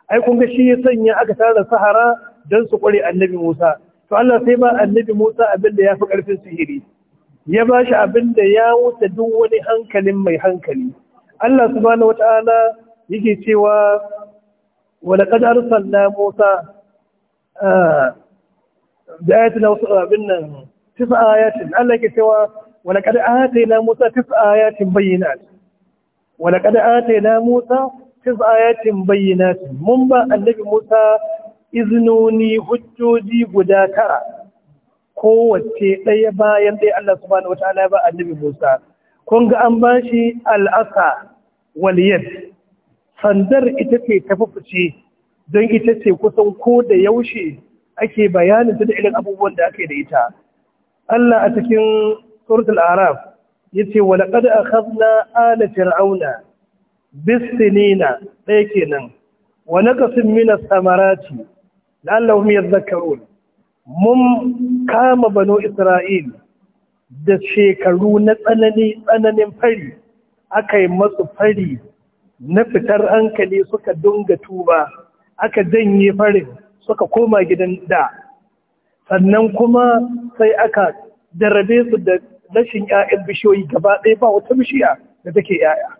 ai kun ga shi ya sanya aka tara sahara don su kware annabi musa to allah sai ba annabi musa abin da ya fi karfin sihiri ya ba shi abin da ya wuce duk wani hankalin mai hankali allah subhanahu wataala yake cewa ولقد أرسلنا موسى بآياتنا بنا تسع آيات الله كسوى ولقد آتينا موسى تسع آيات بينات ولقد آتينا موسى تسع آيات بينات من با النبي موسى izinoni حجودي guda tara kowace ɗaya bayan ɗaya Allah subhanahu wa ta'ala ba annabi Musa kun ga an bashi al'asa wal yad sandar ita ce ta fice don ita ce kusan ko da yaushe ake bayanin ta da irin abubuwan da ake da ita Allah a cikin suratul araf yace ƙada a akhadna ala fir'auna bisinina ɗaya kenan nan." Wani samaraci as-samarati yadda yadhakkarun mun kama banu isra'il da shekaru na tsananin fari aka yi masu fari na fitar hankali suka dunga tuba aka janye farin suka koma gidan da sannan kuma sai aka darabe su da rashin 'ya'yan bishiyoyi gaba ɗaya ba wata bishiya da take 'ya'ya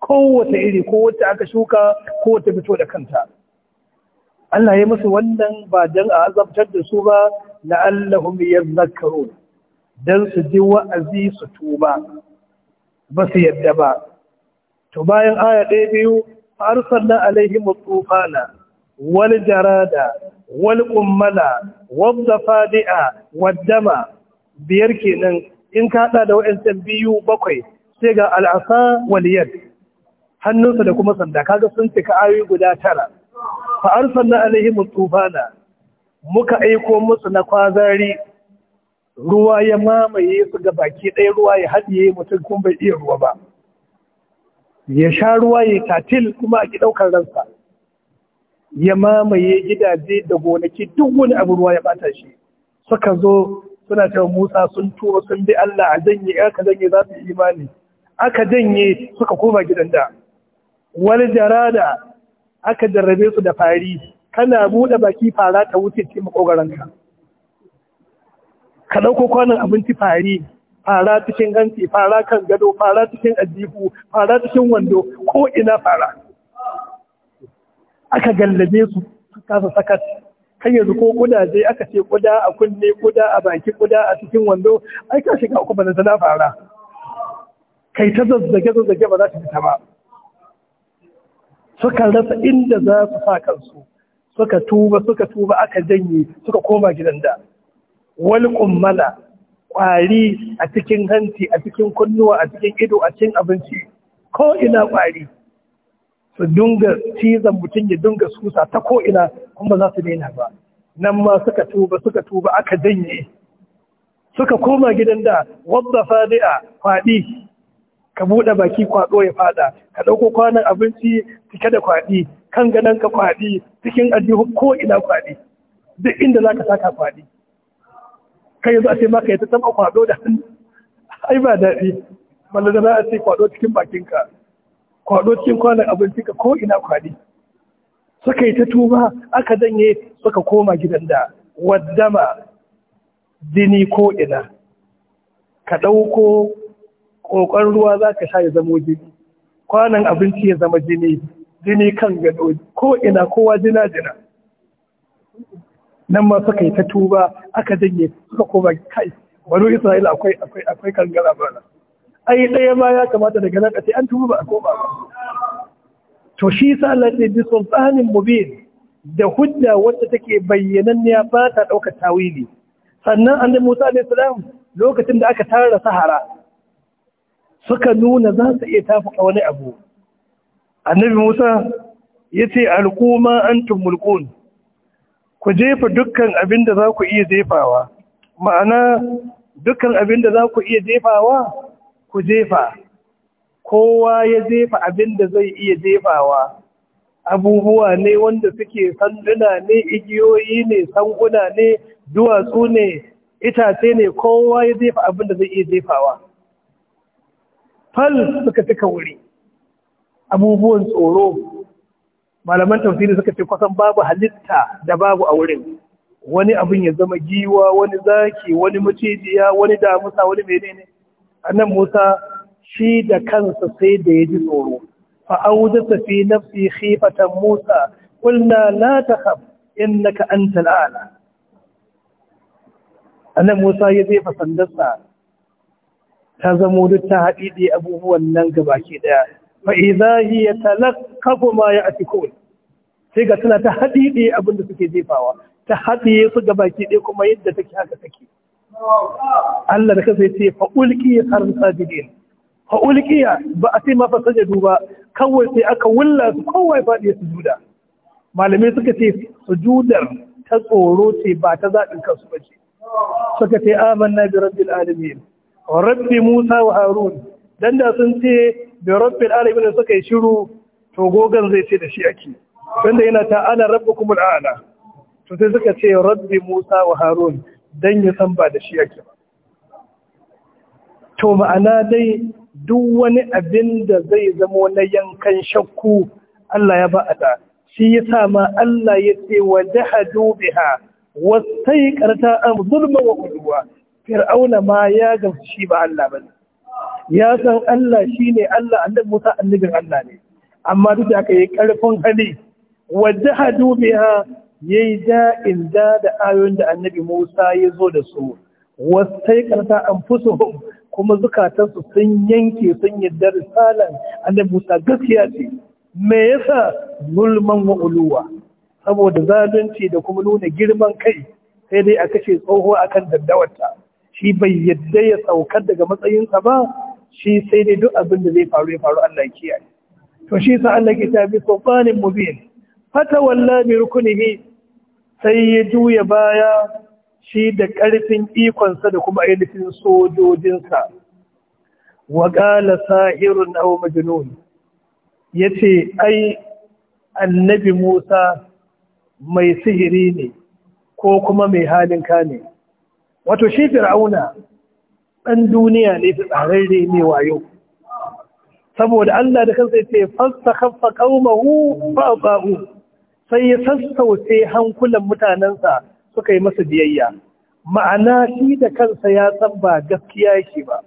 kowace iri ko wata aka shuka ko wata fito da kanta Allah ya musu wannan ba don a azabtar da su ba la'allahum yadhakkarun dan su ji wa'azi su tuba ba su yadda ba to bayan aya ɗaya biyu sannan alaihi tufana wal jarada wal ummala wal zafadi'a biyar kenan in ka hada da waɗancan biyu bakwai sai ga al'asa wal yad hannunsa da kuma sanda kaga sun cika ayoyi guda tara fa arsalna alaihi tufana muka aiko musu na kwazari ruwa ya mamaye su ga baki ɗaya ruwa ya haɗiye mutum kun bai iya ruwa ba ya sha ruwa ya tatil kuma a ki ɗaukar ransa ya mamaye gidaje da gonaki duk wani abu ruwa ya bata shi suka zo suna cewa Musa sun tuwo sun bi Allah a janye aka janye za su imani aka janye suka koma gidan da wani jarada aka jarrabe su da fari kana buɗe baki fara ta wuce ce makogaranka ka ɗauko kwanan abinci fari fara cikin hanci fara kan gado fara cikin ajihu fara cikin wando ko ina fara aka gallabe su kasa sakat kan yanzu ko kudaje aka ce kuda a kunne kuda a baki kuda a cikin wando ai ka shiga uku bana na fara kai ta zazzage zazzage ba za ta fita ba suka rasa inda za su sa kansu suka tuba suka tuba aka janye suka koma gidan da wal kummala Kwari a cikin hanci a cikin kunnuwa a cikin ido a cikin abinci ko ina ƙwari su dunga cizon mutum ya dunga susa ta ko ina kuma za su daina ba nan ma suka tuba suka tuba aka janye suka koma gidan da wadda a kwaɗi ka buɗe baki kwaɗo ya faɗa ka ɗauko kwanan abinci cike da kwaɗi kan ganan ka kwaɗi cikin aljihu ko ina kwaɗi duk inda za ka saka kwaɗi kai yanzu a ce maka yata ta taba kwado da hannu ai ba daɗi balle da za a ce kwado cikin bakinka kwado cikin kwanan abincinka ko ina kwadi suka yi ta tuba aka danye suka koma gidan da waddama jini ko ina ka ɗauko ƙoƙon ruwa za ka sha ya zamo jini kwanan abinci ya zama jini jini kan gado ko ina kowa jina jina nan ma suka yi ta tuba aka janye suka koma kai wani isra'ila akwai akwai akwai kangara bana ai ɗaya ma ya kamata daga nan a ce an tuba ba a koma ba to shi sa Allah bi sultanin mubin da hujja wacce take bayyananniya ba ta ɗaukar tawili sannan annabi Musa alaihi salam lokacin da aka tara sahara suka nuna za su iya tafuka wani abu annabi Musa yace alquma antum mulkun ku jefa dukkan abin da za ku iya jefawa ma'ana dukkan abin da za ku iya jefawa ku jefa kowa ya jefa abin da zai iya jefawa abubuwa ne wanda suke sanduna ne igiyoyi ne sanguna ne duwatsu ne itace ne kowa ya jefa abin da zai iya jefawa fal suka cika wuri abubuwan tsoro malaman tafsiri suka ce kusan babu halitta da babu a wurin wani abin ya zama giwa wani zaki wani macijiya wani damusa wani menene annan musa shi da kansa sai da ya ji tsoro fa ta fi nafsi khifatan musa qulna la takhaf innaka antal a'la annan musa ya jefa sandarsa ta zamo duk ta haɗiɗe abubuwan nan gabaki ɗaya fa idza hiya talaqafu ma ya'tikun sai ga tana ta haɗi abin abinda suke jefawa ta hadiye su ga baki ɗaya kuma yadda take haka take Allah da kansa yace fa ulqiya sarfin sajidin ba a sai ma fa sajadu kawai sai aka wulla su faɗi fadi sujuda malamai suka ce sujudar ta tsoro ce ba ta zaɗin kansu ba ce suka ce amanna bi rabbil alamin rabbi musa wa harun dan da sun ce da rabbin alamin suka yi shiru to gogon zai ce da shi ake wanda yana ta ana rabbukum al'ala to sai suka ce rabbi Musa wa Harun dan ya san ba da shi ake ba to ma'ana dai duk wani abin da zai zama na yankan shakku Allah ya ba a shi yasa ma Allah ya ce wa jahadu biha wasai karta zulma wa udwa fir'auna ma ya gamsu shi ba Allah bane ya san Allah shi ne Allah annabi Musa annabin Allah ne amma duk da aka yi ƙarfin hali wajhadu biha ya da'in da da ayoyin da annabi Musa ya zo da su wasai karta anfusuhum kuma zukatansu sun yanke sun yadda risalan annabi Musa gaskiya ce me yasa zulman wa uluwa saboda zalunci da kuma nuna girman kai sai dai a kashe tsoho akan daddawarta shi bai yadda ya saukar daga matsayinsa ba shi sai dai duk abin da zai faru ya faru Allah kiyaye to shi sa Allah ke tabi sultanin mubin fata walla bi rukunihi sai ya juya baya shi da karfin ikonsa da kuma ainihin sojojinsa wa qala sahirun aw majnun yace ai annabi Musa mai sihiri ne ko kuma mai halin ka ne wato shi fir'auna ɗan duniya ne ta tsararre ne wayo saboda Allah da kansa ya ce fasta haffa kaumahu ba'u", sai ya sassauce hankulan mutanensa suka yi masa biyayya ma'ana shi da kansa ya san ba gaskiya yake ba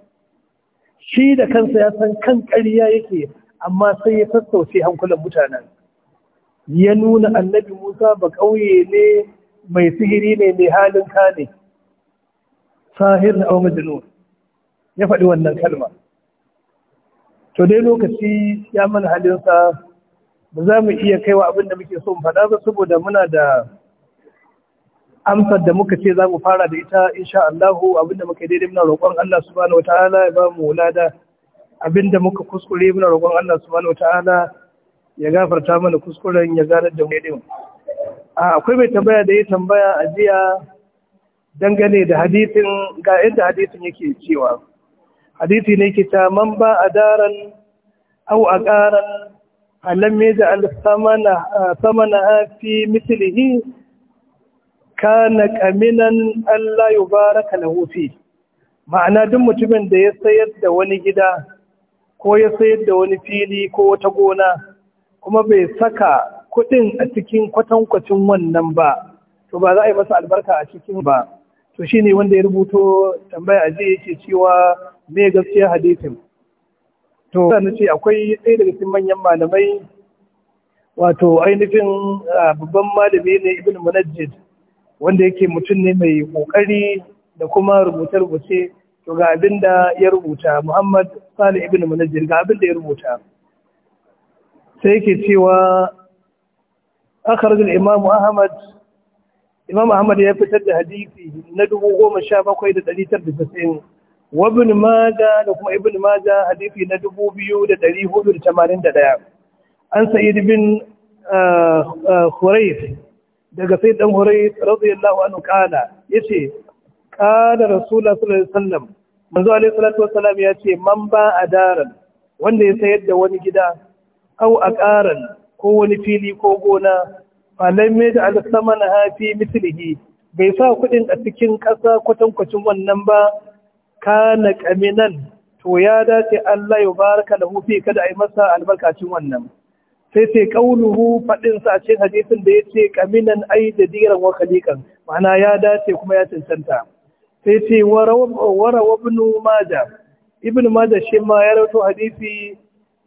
shi da kansa ya san kan ƙarya yake amma sai ya sassauce hankulan mutanen ya nuna annabi musa ba ƙauye ne mai sihiri ne mai halin kane sahir na au ya faɗi wannan kalma to dai lokaci ya mana halinsa ba za mu iya kaiwa abin da muke so mu faɗa ba saboda muna da amsar da muka ce za mu fara da ita insha Allahu abinda muka daidai muna roƙon Allah subhanahu wataala ya ba mu da abinda muka kuskure muna roƙon Allah subhanahu wataala ya gafarta mana kuskuren ya ganar da mu daidai akwai mai tambaya da ya tambaya a jiya dangane da hadisin ga yadda hadisin yake cewa hadisi ne ke man ba a daren au a ƙaran alam da ji samana fi mislihi kana kaminan Allah ya baraka lahu ma'ana duk mutumin da ya sayar da wani gida ko ya sayar da wani fili ko wata gona kuma bai saka kuɗin a cikin kwatankwacin wannan ba to ba za a yi masa albarka a cikin ba to shi ne wanda ya rubuto tambaya a aje yake cewa me gaskiya hadisin to na ce akwai ɗaya daga cikin manyan malamai wato ainihin babban malami ne ibn munajjid wanda yake mutum ne mai kokari da kuma rubuce-rubuce to ga abin da ya rubuta muhammad salih ibn munajjid ga abin da ya rubuta sai yake cewa akhraj al-imam ahmad imam ahmad ya fitar da hadisi na dubu wa sha bakwai da kuma ibn maza hadisi na dubu biyu da da da hudu ɗaya. an sa'id bin khurayf uh, uh, daga sai dan khurayf radiyallahu anhu kana yace kana rasulullah sallallahu alaihi wasallam manzo alaihi salatu wasallam ce, man ba adaran wanda ya sayar da wani gida au aqaran ko wani fili ko gona falam yaj'al na hafi mitilihi, bai sa kuɗin a cikin ƙasa kwatankwacin wannan ba Ka na ƙaminan. to ya dace Allah ya baraka lahu kada a yi masa albarkacin wannan sai sai ƙaunuhu faɗin sa a cikin hadisin da ya ce ƙaminan ai da diran wa kalikan, ma'ana ya dace kuma ya cancanta sai ce wara ibn maja, ibn maja shi ma ya rauto hadisi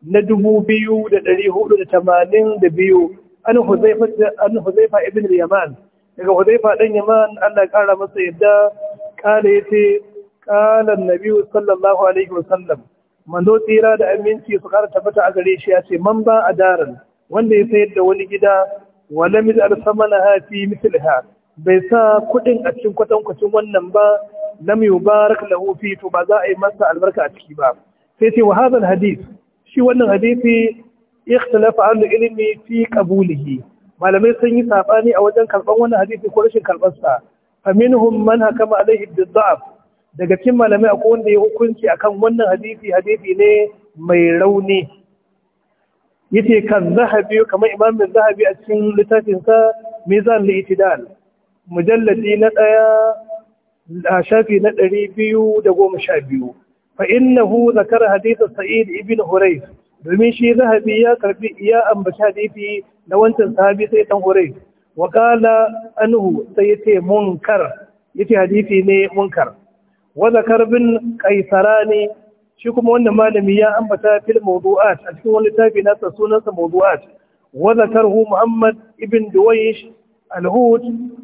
na dubu biyu da da da hudu tamanin biyu. an huzaifa an huzaifa ibn yaman daga huzaifa ɗan yaman Allah kara masa yadda kala yace kala annabi sallallahu alaihi wasallam manzo tsira da aminci su ƙara tabbata a gare shi ya ce man ba a daren wanda ya sayar da wani gida wala min alsamana ha fi mithlha bai sa kuɗin a cikin kwatankwacin wannan ba lam yubarak lahu fi to ba za a yi masa albarka a ciki ba sai ce wa hadal hadith shi wannan hadisi ikhtalafa ahlu ilmi fi qabulihi malamai sun yi sabani a wajen karban wannan hadisi ko rashin karban sa faminhum man hakama alaihi bid daga cikin malamai akwai wanda ya hukunci akan wannan hadisi hadisi ne mai rauni yace kan zahabi kamar imam zahabi a cikin littafin sa mizan al-i'tidal mujalladi na daya a shafi na 212 fa innahu zakara hadith sa'id ibn hurayth domin shi zahabi ya karbi ya ambaci hadisi na wancan sahabi sai dan hure wa qala anhu sai yace munkar yace hadisi ne munkar wa zakar bin qaisarani shi kuma wannan malami ya ambata fil mawdu'at a cikin wani littafi na sunansa mawdu'at wa zakarhu muhammad ibn duwaysh al-hud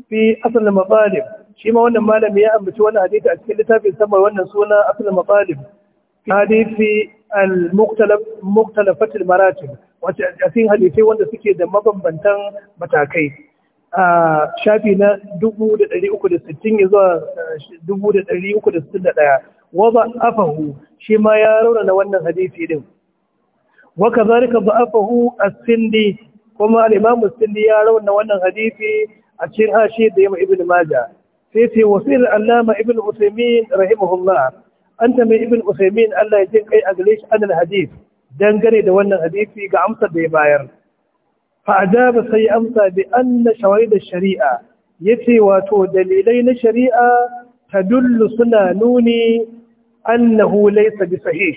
fi asl al-matalib shi ma wannan malami ya ambaci wani hadisi a cikin littafin sama wannan suna asl al-matalib hadisi al-muktalafatul maratib wace a cikin hadisai wanda suke da mabambantan matakai a shafi na 360 zuwa 361 waba afahu shi ma ya na wannan hadisi din wa kazalika ba'afahu as-sindi kuma al-imam as-sindi ya na wannan hadisi a cikin hashi da yamma ibn majah sai sai wasil allama ibn usaymin rahimahullah an tambayi ibn usaimin Allah ya ce kai a gare shi anil hadith dangane da wannan hadisi ga amsar da ya bayar fa ajaba sai amsa bi anna shawaid shari'a yace wato dalilai na shari'a tadullu suna nuni annahu laysa bi sahih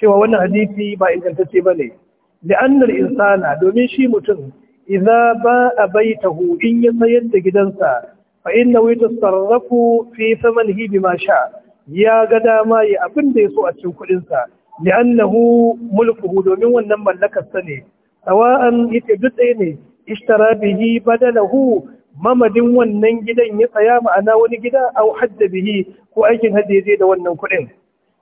cewa wannan hadisi ba ingantacce bane li'anna al-insana domin shi mutum idza ba'a baitahu in ya sayar da gidansa fa innahu yatasarrafu fi thamanihi bima sha'a ya ga dama ya abin da ya so a cikin kuɗinsa mulku mulkuhu domin wannan mallakar sa ne sawa'an yace duk ɗaya ne ishtara bihi badalahu mamadin wannan gidan ya tsaya ma'ana wani gida a hadda bihi ko aikin ya zai da wannan kuɗin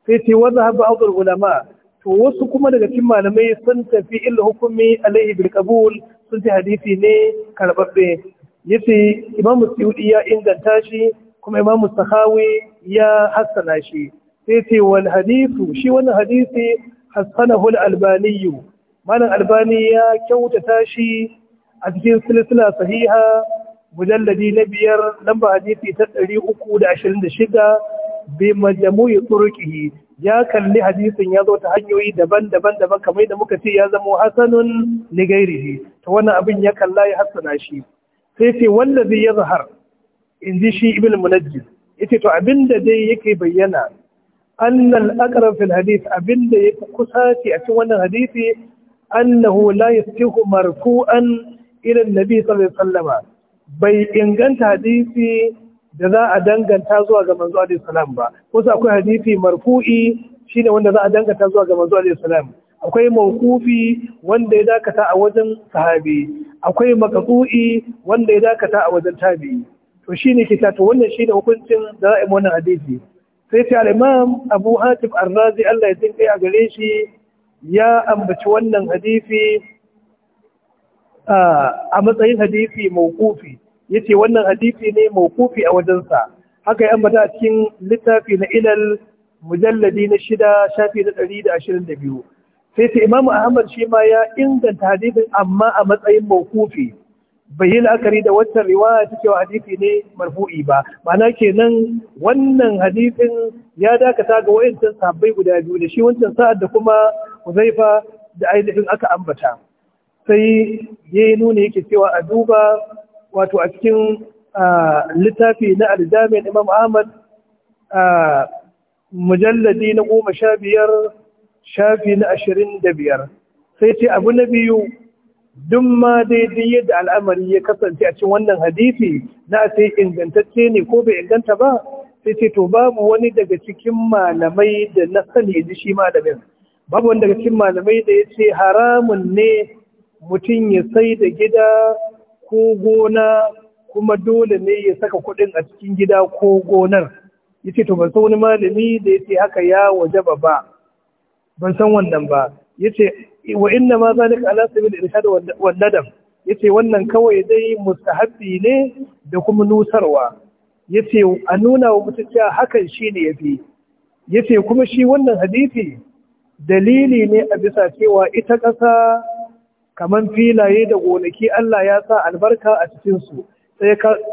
sai ce wa zahaba ba'dul ulama to wasu kuma daga cikin malamai sun tafi il hukumi alaihi bil qabul sun ce hadisi ne karbabbe yace imam suyudi ya inganta shi kuma imamu sahawi ya hassana shi sai ce wal shi wannan hadisi hassanahu al-albani malam albani ya kyautata shi a cikin silsila sahiha mujalladi na biyar lamba hadisi ta 326 bi majmu'i turqihi ya kalli hadisin ya zo ta hanyoyi daban-daban daban kamar da muka ce ya zama hasanun ni gairihi to wannan abin ya kalla ya hassana shi sai ce wallazi yazhar in ji shi ibn munajji yace to abinda dai yake bayyana annal aqrab fil hadith abinda yake kusaci a cikin wannan hadisi annahu la yastihu marfu'an ila annabi sallallahu alaihi wasallam bai inganta hadisi da za a danganta zuwa ga manzo alaihi salam ba wasu akwai hadisi marfu'i shine wanda za a danganta zuwa ga manzo alaihi salam akwai mawkufi wanda ya dakata a wajen sahabi akwai maqtu'i wanda ya dakata a wajen tabi'i to shi ke to wannan ne hukuncin da za'a wannan hadisi sai ce al-imam Abu Hatim ar Allah ya tinkai a gare shi ya ambaci wannan hadisi a matsayin hadisi Ya ce wannan hadisi ne mawqufi a wajensa haka ya ambata a cikin littafi na ilal mujalladi na shida shafi na ɗari da ashirin da biyu sai ta imamu ahmad shi ma ya inganta hadisin amma a matsayin mawkufi bai yi la'akari da wancan riwaya ta cewa hadisi ne marfu'i ba ma'ana kenan wannan hadisin ya dakata ga wayancan sahabbai guda biyu da shi wancan sa'ad da kuma Huzaifa da ainihin aka ambata sai ya yi nuni yake cewa a duba wato a cikin littafi na aljami imam ahmad mujalladi na goma sha biyar shafi na ashirin da biyar sai ce abu na biyu duk ma dai-dai yadda al'amari ya kasance a cikin wannan hadisi na sai ingantacce ne ko bai inganta ba sai ce to babu wani daga cikin malamai da na sani ji shi malamin babu wani daga cikin malamai da ya ce haramun ne mutum ya sai da gida ko gona kuma dole ne ya saka kuɗin a cikin gida ko gonar ya ce to ban san wani malami da ya ce haka ya wajaba ba ban san wannan ba ya wa inna ma zalika ala sabil irshad wal ya yace wannan kawai dai mustahabbi ne da kuma nusarwa ce a nuna wa shi ne ya fi? ya yace kuma shi wannan hadisi dalili ne a bisa cewa ita ƙasa kamar filaye da gonaki Allah ya sa albarka a cikin su sai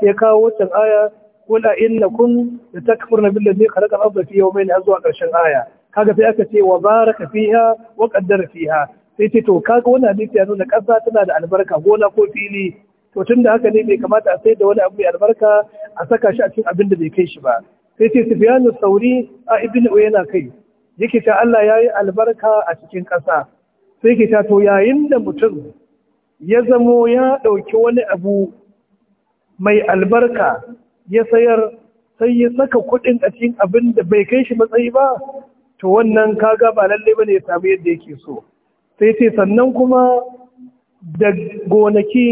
ya kawo wancan aya kula kun da takfurna billazi khalaqa al-ardha mai yawmayn zuwa ƙarshen aya kaga sai aka ce wa baraka fiha wa qaddara fiha sai ce to kaga wani hadisi ya nuna ƙasa tana da albarka gona ko fili to tun da haka ne bai kamata a sai da wani abu mai albarka a saka shi a cikin abin da bai kai shi ba sai ce sufyanu sauri a ibn yana kai yake ta Allah yayi albarka a cikin ƙasa sai ke ta to yayin da mutum ya zamo ya ɗauki wani abu mai albarka ya sayar sai ya saka kuɗin a cikin abin da bai kai shi matsayi ba to wannan kaga ba lallai lalle ne ya samu yadda yake so sai ce sannan kuma da gonaki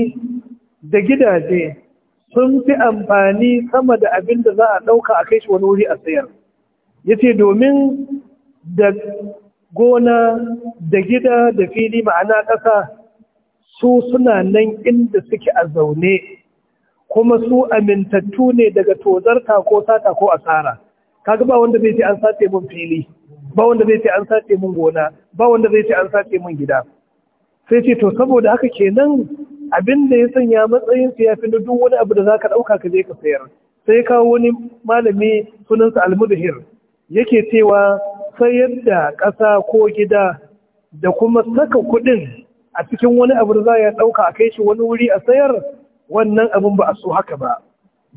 da gidaje sun fi amfani sama da abin da za a ɗauka a kai shi wani wuri a sayar ya ce domin da gona da gida da fili ma'ana ƙasa su suna nan inda suke a zaune kuma su amintattu ne daga tozarta ko sata ko asara kaga ba wanda zai ce an sace mun fili ba wanda zai ce an sace mun gona ba wanda zai ce an sace min gida sai ce to saboda haka kenan abin da ya sanya matsayin ya fi na duk wani abu da zaka dauka ka je ka sayar sai kawo wani malami sunansa almudhir yake cewa sayar da ƙasa ko gida da kuma saka kuɗin a cikin wani abu da za ya ɗauka a kai shi wani wuri a sayar wannan abin ba a so haka ba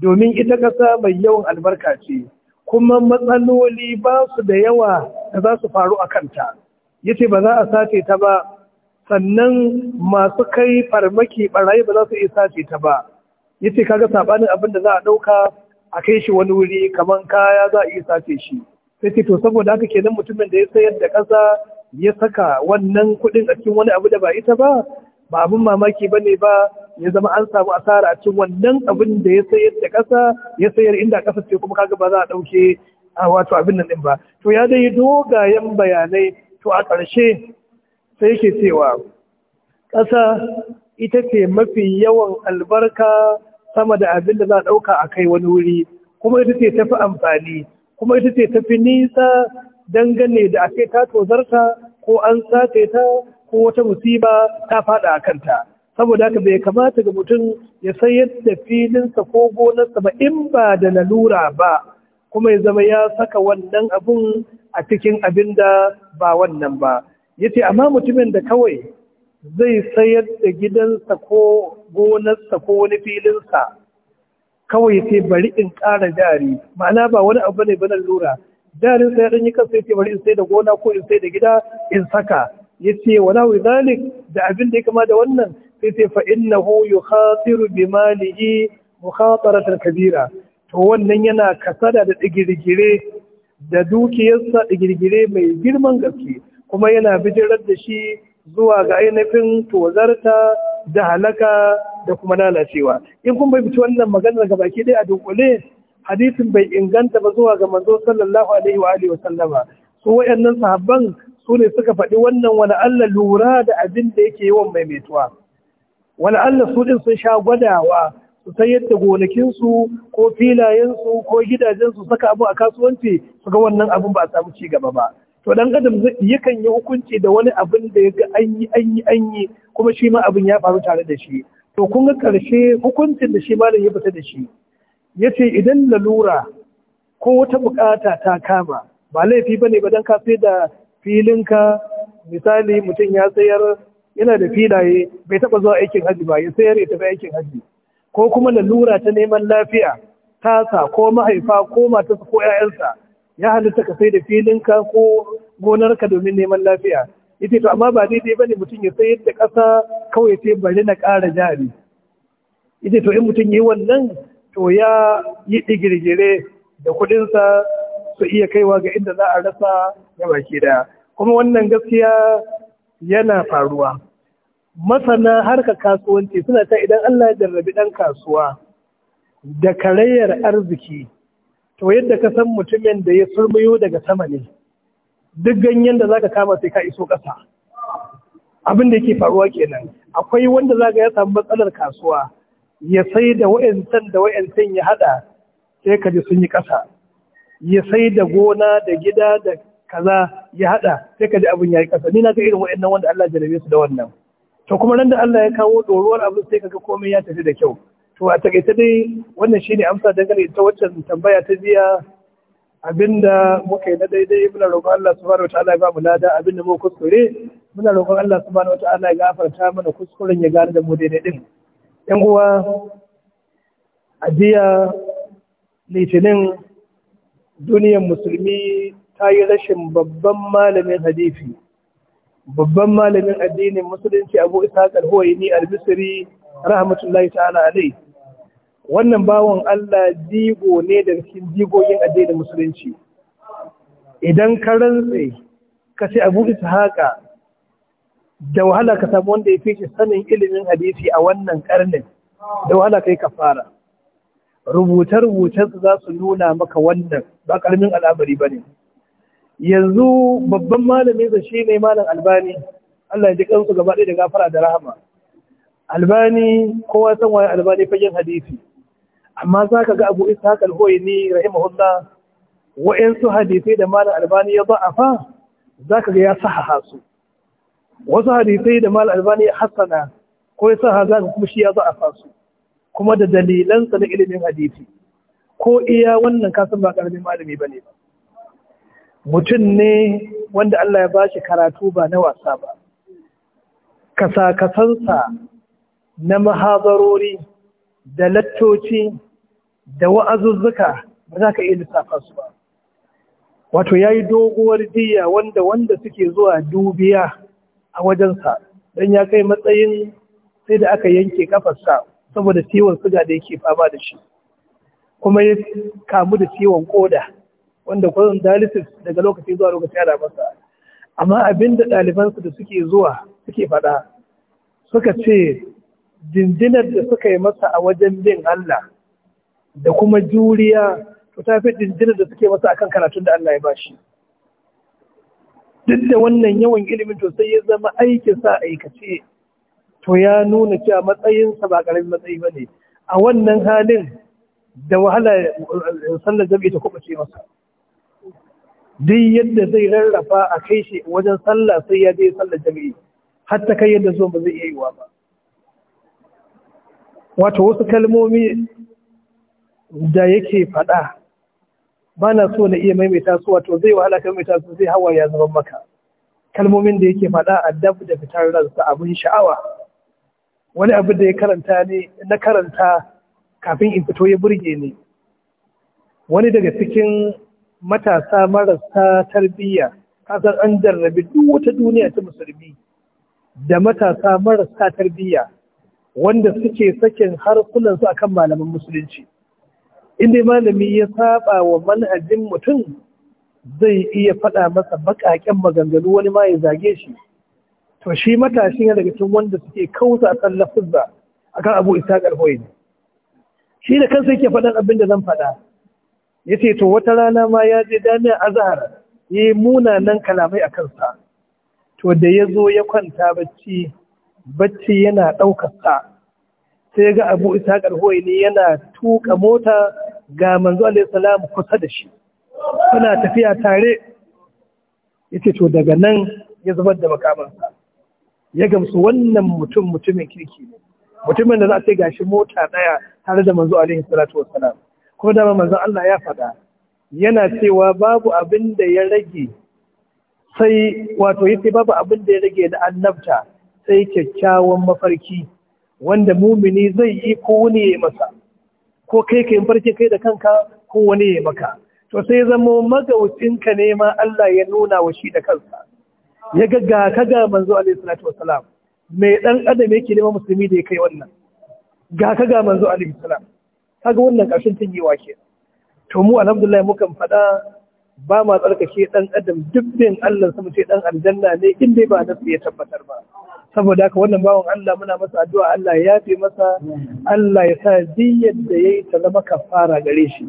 domin ita ƙasa mai yawan albarka ce kuma matsaloli ba su da yawa da za su faru a kanta ya ce ba za a sace ta ba sannan masu kai farmaki barayi ba za su iya sace ta ba ya ce kaga saɓanin abin da za a ɗauka a kai shi wani wuri kamar kaya za a iya sace shi sai ce to saboda haka kenan mutumin da ya sayar da ƙasa ya saka wannan kuɗin a cikin wani abu da ba ita ba ba abin mamaki ba ne ba ya zama an samu asara a cikin wannan abin da ya sayar da ƙasa ya sayar inda ƙasa ce kuma kaga ba za a ɗauke a wato abin nan ɗin ba to ya dai dogayen bayanai to a ƙarshe sai ke cewa ƙasa ita ce mafi yawan albarka sama da abin da za a ɗauka a kai wani wuri kuma ita ce tafi amfani kuma ita ce tafi nisa dangane da ake ta tozarta ko an sace ta ko wata musiba ta faɗa a kanta saboda haka bai kamata ga mutum ya sayar yadda filinsa ko gonarsa ba in ba da lalura ba kuma ya zama ya saka wannan abun a cikin abin da ba wannan ba Ya ce amma mutumin da kawai zai sayar da gidansa ko gonarsa ko wani filinsa kawai ya ce bari in ƙara jari ma'ana ba wani abu ne ba lura jarin ya ɗan yi kansa ce bari in sai da gona ko in sai da gida in saka Ya yace wala wa zalik da abin da ya kama da wannan sai ce fa innahu yukhatiru bi malihi mukhataratan kabira to wannan yana kasada da digirgire da dukiyarsa digirgire mai girman gaske kuma yana bijirar da shi zuwa ga ainihin tozarta da halaka da kuma lalacewa in kun bai fito wannan maganar ga baki dai a dunkule hadisin bai inganta ba zuwa ga manzo sallallahu alaihi wa alihi wa sallama su wayannan sahabban su ne suka faɗi wannan wani Allah lura da abin da yake yawan maimaituwa wani Allah su ɗin sun sha gwadawa su sayar yadda gonakinsu ko filayensu ko gidajensu saka abu a kasuwanci su ga wannan abin ba a samu ci ba to dan adam yakan yi hukunci da wani abin da ya ga an anyi an kuma shi ma abin ya faru tare da shi to kun ga karshe hukuncin da shi malam ya fita da shi ya ce idan lalura ko wata buƙata ta kama ba laifi ba ne ba dan ka sai da filinka misali mutum ya sayar yana da filaye bai taɓa zuwa aikin hajji ba ya sayar ya tafi aikin hajji. ko kuma lalura ta neman lafiya tasa ko mahaifa ko matarsa ko 'ya'yansa ya halitta ka sai da filinka ko gonarka domin neman lafiya yace to amma ba daidai bane mutum ya sayar da ƙasa kawai sai bari na ƙara jari yace to in mutum yi wannan to ya yi digirgire da kuɗinsa su iya kaiwa ga inda za a rasa ya baki daya kuma wannan gaskiya yana faruwa masana harka kasuwanci suna ta idan Allah ya jarrabi ɗan kasuwa da karayyar arziki to yadda ka san mutumin da ya surmiyo daga sama ne duk ganyen da zaka kama sai ka iso ƙasa Abinda da yake faruwa kenan akwai wanda zaka ya samu matsalar kasuwa ya sai da wa'ancan da wa'ancan ya hada sai ka ji sun yi ƙasa ya sai da gona da gida da kaza ya hada sai ka ji abin ya yi ƙasa ni na ga irin wa'annan wanda Allah ya jarabe su da wannan to kuma nan da Allah ya kawo doruwar abin sai kaga komai ya tafi da kyau to a takaice dai wannan shine amsa dangane ta wacce tambaya ta biya, abinda muka yi na daidai muna roƙon Allah subhanahu wataala ya ba mu lada abinda mu kuskure muna roƙon Allah subhanahu wataala ya gafarta mana kuskuren ya gane da mu daidai din yan uwa a jiya litinin duniyar musulmi ta yi rashin babban malamin hadisi babban malamin addinin musulunci abu ishaq al ni al-misri rahmatullahi ta'ala alai wannan bawon Allah digo ne da cikin digogin addinin musulunci idan ka rantse ka ce abu ishaq da wahala ka samu wanda ya fice sanin ilimin hadisi a wannan karnin da wahala kai ka fara. rubuce-rubucensu za su nuna maka wannan ba karamin al'amari ba ne yanzu babban malamin sa ne malam albani Allah ya ji kansu gaba ɗaya da gafara da rahama albani kowa san waye albani fagen hadisi amma zaka ga Abu Ishaq al-Huwaini rahimahullah su hadisai da malam albani ya za'afa zaka ga ya sahaha su wasu hadisai da malam albani ya hassana ko ya saha zaka kuma shi ya za'afa su kuma da dalilansa na ilimin hadisi ko iya wannan kasan ba karamin malami bane ba mutum ne wanda Allah ya ba shi karatu ba na wasa ba kasakasansa na mahabarori da lattoci da wa'azuzzuka ba za ka iya lissafarsu su ba wato ya yi doguwar diya wanda wanda suke zuwa dubiya a wajensa don ya kai matsayin sai da aka yanke kafarsa saboda ciwon suga da yake fama da shi kuma ya kamu da ciwon koda wanda kwanan dalisis daga lokaci zuwa lokaci ana masa amma abin da ɗalibansu da suke zuwa suke faɗa suka ce jinjinar da suka yi masa a wajen bin Allah da kuma juriya to ta fi jinjinar da suke masa akan karatun da Allah ya bashi duk da wannan yawan ilimin to sai ya zama aikin sa aikace to ya nuna cewa matsayinsa ba ƙaramin matsayi ba ne a wannan halin da wahala sallar jam'i ta ce masa duk yadda zai rarrafa a kai shi wajen sallah sai ya je sallar jami'i har ta kai yadda zuwa ba zai iya yiwa ba wato wasu kalmomi da yake faɗa ba na so na iya maimaita su wato zai wahala kan maimaita su zai hawa ya zama maka kalmomin da yake faɗa a dab da fitar ransa abin sha'awa wani abu da ya karanta ne na karanta kafin in fito ya burge ni wani daga cikin matasa marasa tarbiyya kasar an jarrabi duk wata duniya ta musulmi da matasa marasa tarbiyya wanda suke sakin harsunansu akan malaman musulunci inda malami ya saba wa manhajin mutum zai iya faɗa masa baƙaƙen maganganu wani ma ya zage shi to shi matashin ya daga cikin wanda suke kausa a kan lafuzza akan abu isa karfoyi shi da kansa yake faɗan abin da zan faɗa ya ce to wata rana ma ya je jami'ar azhar ya yi munanan kalamai a kansa to da ya zo ya kwanta bacci bacci yana ɗaukar sa sai ga abu isa karhoi ne yana tuka mota ga manzo alayhi salam kusa da shi suna tafiya tare yace to daga nan ya zubar da makamansa ya gamsu wannan mutum mutumin kirki ne mutumin da za a ce gashi mota ɗaya tare da manzo alayhi salatu wassalam ko da ba manzon Allah ya faɗa yana cewa babu abin da ya rage sai wato yace babu abin da ya rage da annabta sai kyakkyawan mafarki wanda mumini zai yi ko wani ya masa ko kai ka yi farki kai da kanka ko wani ya maka to sai zama magaucinka ne ma Allah ya nuna wa shi da kansa ya ga ka ga manzo alaihi salatu wassalam mai dan adam yake neman musulmi da ya kai wannan ga ka ga manzo alaihi salam kaga wannan ƙarshen yi wake. to mu alhamdulillah mukan faɗa ba ma tsarkake dan adam duk bin Allah sama ce ɗan aljanna ne in dai ba nasu ya tabbatar ba saboda haka wannan bawan Allah muna masa addu'a Allah ya yafe masa Allah ya sa diyyar da yayi ta zama kafara gare shi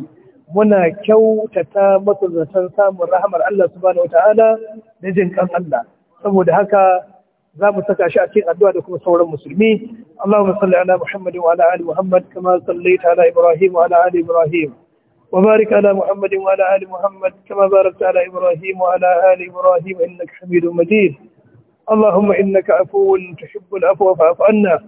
muna kyautata masa zaton samun rahmar Allah subhanahu wataala da jin kan Allah saboda haka za mu saka shi a cikin addu'a da kuma sauran musulmi Allahumma salli ala Muhammad wa ala ali Muhammad kama sallaita ala Ibrahim wa ala ali Ibrahim wa barik ala Muhammad wa ala ali Muhammad kama barakta ala Ibrahim wa ala ali Ibrahim innaka Hamidum Majid Allahumma innaka afuwun tuhibbul afwa fa'fu anna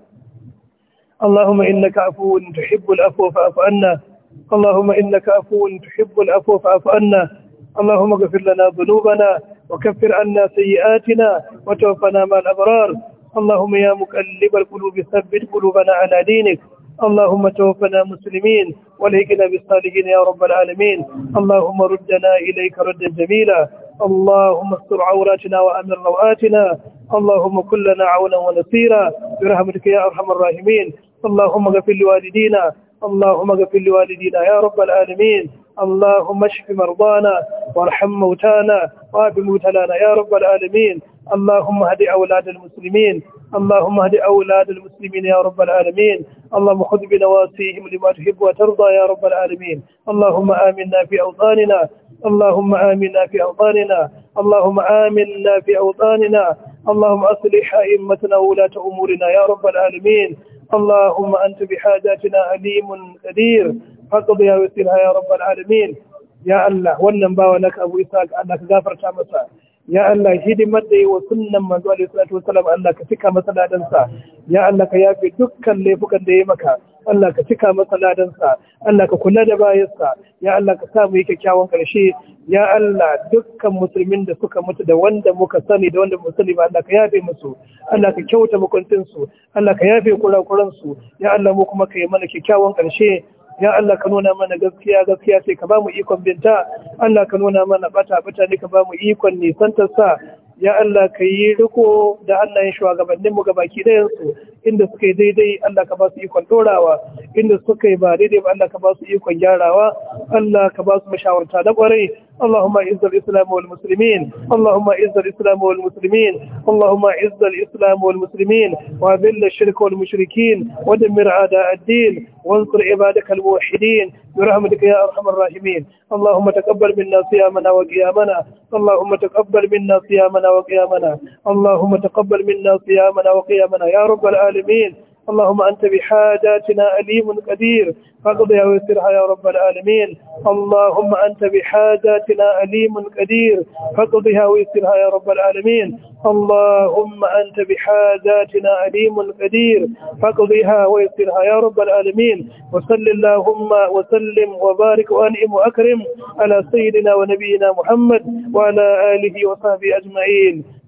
Allahumma innaka afuwun tuhibbul afwa fa'fu anna Allahumma innaka afuwun tuhibbul afwa fa'fu anna Allahumma ighfir lana dhunubana وكفر عنا سيئاتنا وتوفنا مع الأبرار اللهم يا مقلب القلوب ثبت قلوبنا على دينك اللهم توفنا مسلمين ولهجنا بالصالحين يا رب العالمين اللهم ردنا إليك ردا جميلا اللهم استر عوراتنا وأمن روآتنا اللهم كن لنا عونا ونصيرا برحمتك يا أرحم الراحمين اللهم اغفر لوالدينا اللهم اغفر لوالدينا يا رب العالمين اللهم اشف مرضانا وارحم موتانا وآب مبتلانا يا رب العالمين اللهم اهد أولاد المسلمين اللهم اهد أولاد المسلمين يا رب العالمين اللهم خذ بنواسيهم لما تحب وترضى يا رب العالمين اللهم آمنا في أوطاننا اللهم آمنا في أوطاننا اللهم آمنا في أوطاننا اللهم أصلح أئمتنا وولاة أمورنا يا رب العالمين اللهم أنت بحاجاتنا عليم قدير faqdiya wa silha ya rabbal alamin ya Allah wannan bawa naka Abu Isa Allah ka gafarta masa ya Allah hidimar da yi wa sunnan manzo alaihi salatu wasallam Allah ka cika masa ya Allah ka yafe dukkan laifukan da ya maka Allah ka cika masa ladansa Allah ka kula da bayansa ya Allah ka sa mu yi kyakkyawan karshe ya Allah dukkan musulmin da suka mutu da wanda muka sani da wanda muka sani ba Allah ka yafe musu Allah ka kyauta mukuntinsu Allah ka yafe kurakuransu ya Allah mu kuma ka yi mana kyakkyawan karshe ya Allah ka nuna mana gaskiya gaskiya ce ka ba mu ikon binta Allah ka nuna mana bata bata ne ka ba mu ikon nisantar sa ya Allah ka yi riko da Allah ya mu ga baki ɗayansu inda suka yi daidai Allah ka ba su ikon dorawa inda suka yi ba daidai ba Allah ka ba su ikon gyarawa Allah ka ba su mashawarta da kwarai اللهم اعز الإسلام والمسلمين اللهم اعز الإسلام والمسلمين اللهم اعز الإسلام والمسلمين وأذل الشرك والمشركين ودمر أعداء الدين وانصر عبادك الموحدين برحمتك يا أرحم الراحمين اللهم تقبل منا صيامنا وقيامنا اللهم تقبل منا صيامنا وقيامنا اللهم تقبل منا صيامنا وقيامنا يا رب العالمين اللهم أنت بحاجاتنا أليم قدير فاقضها ويسرها يا رب العالمين اللهم أنت بحاجاتنا أليم قدير فاقضيها ويسرها يا رب العالمين اللهم أنت بحاجاتنا أليم قدير فاقضيها ويسرها يا رب العالمين وصل اللهم وسلم وبارك وأنعم وأكرم على سيدنا ونبينا محمد وعلى آله وصحبه أجمعين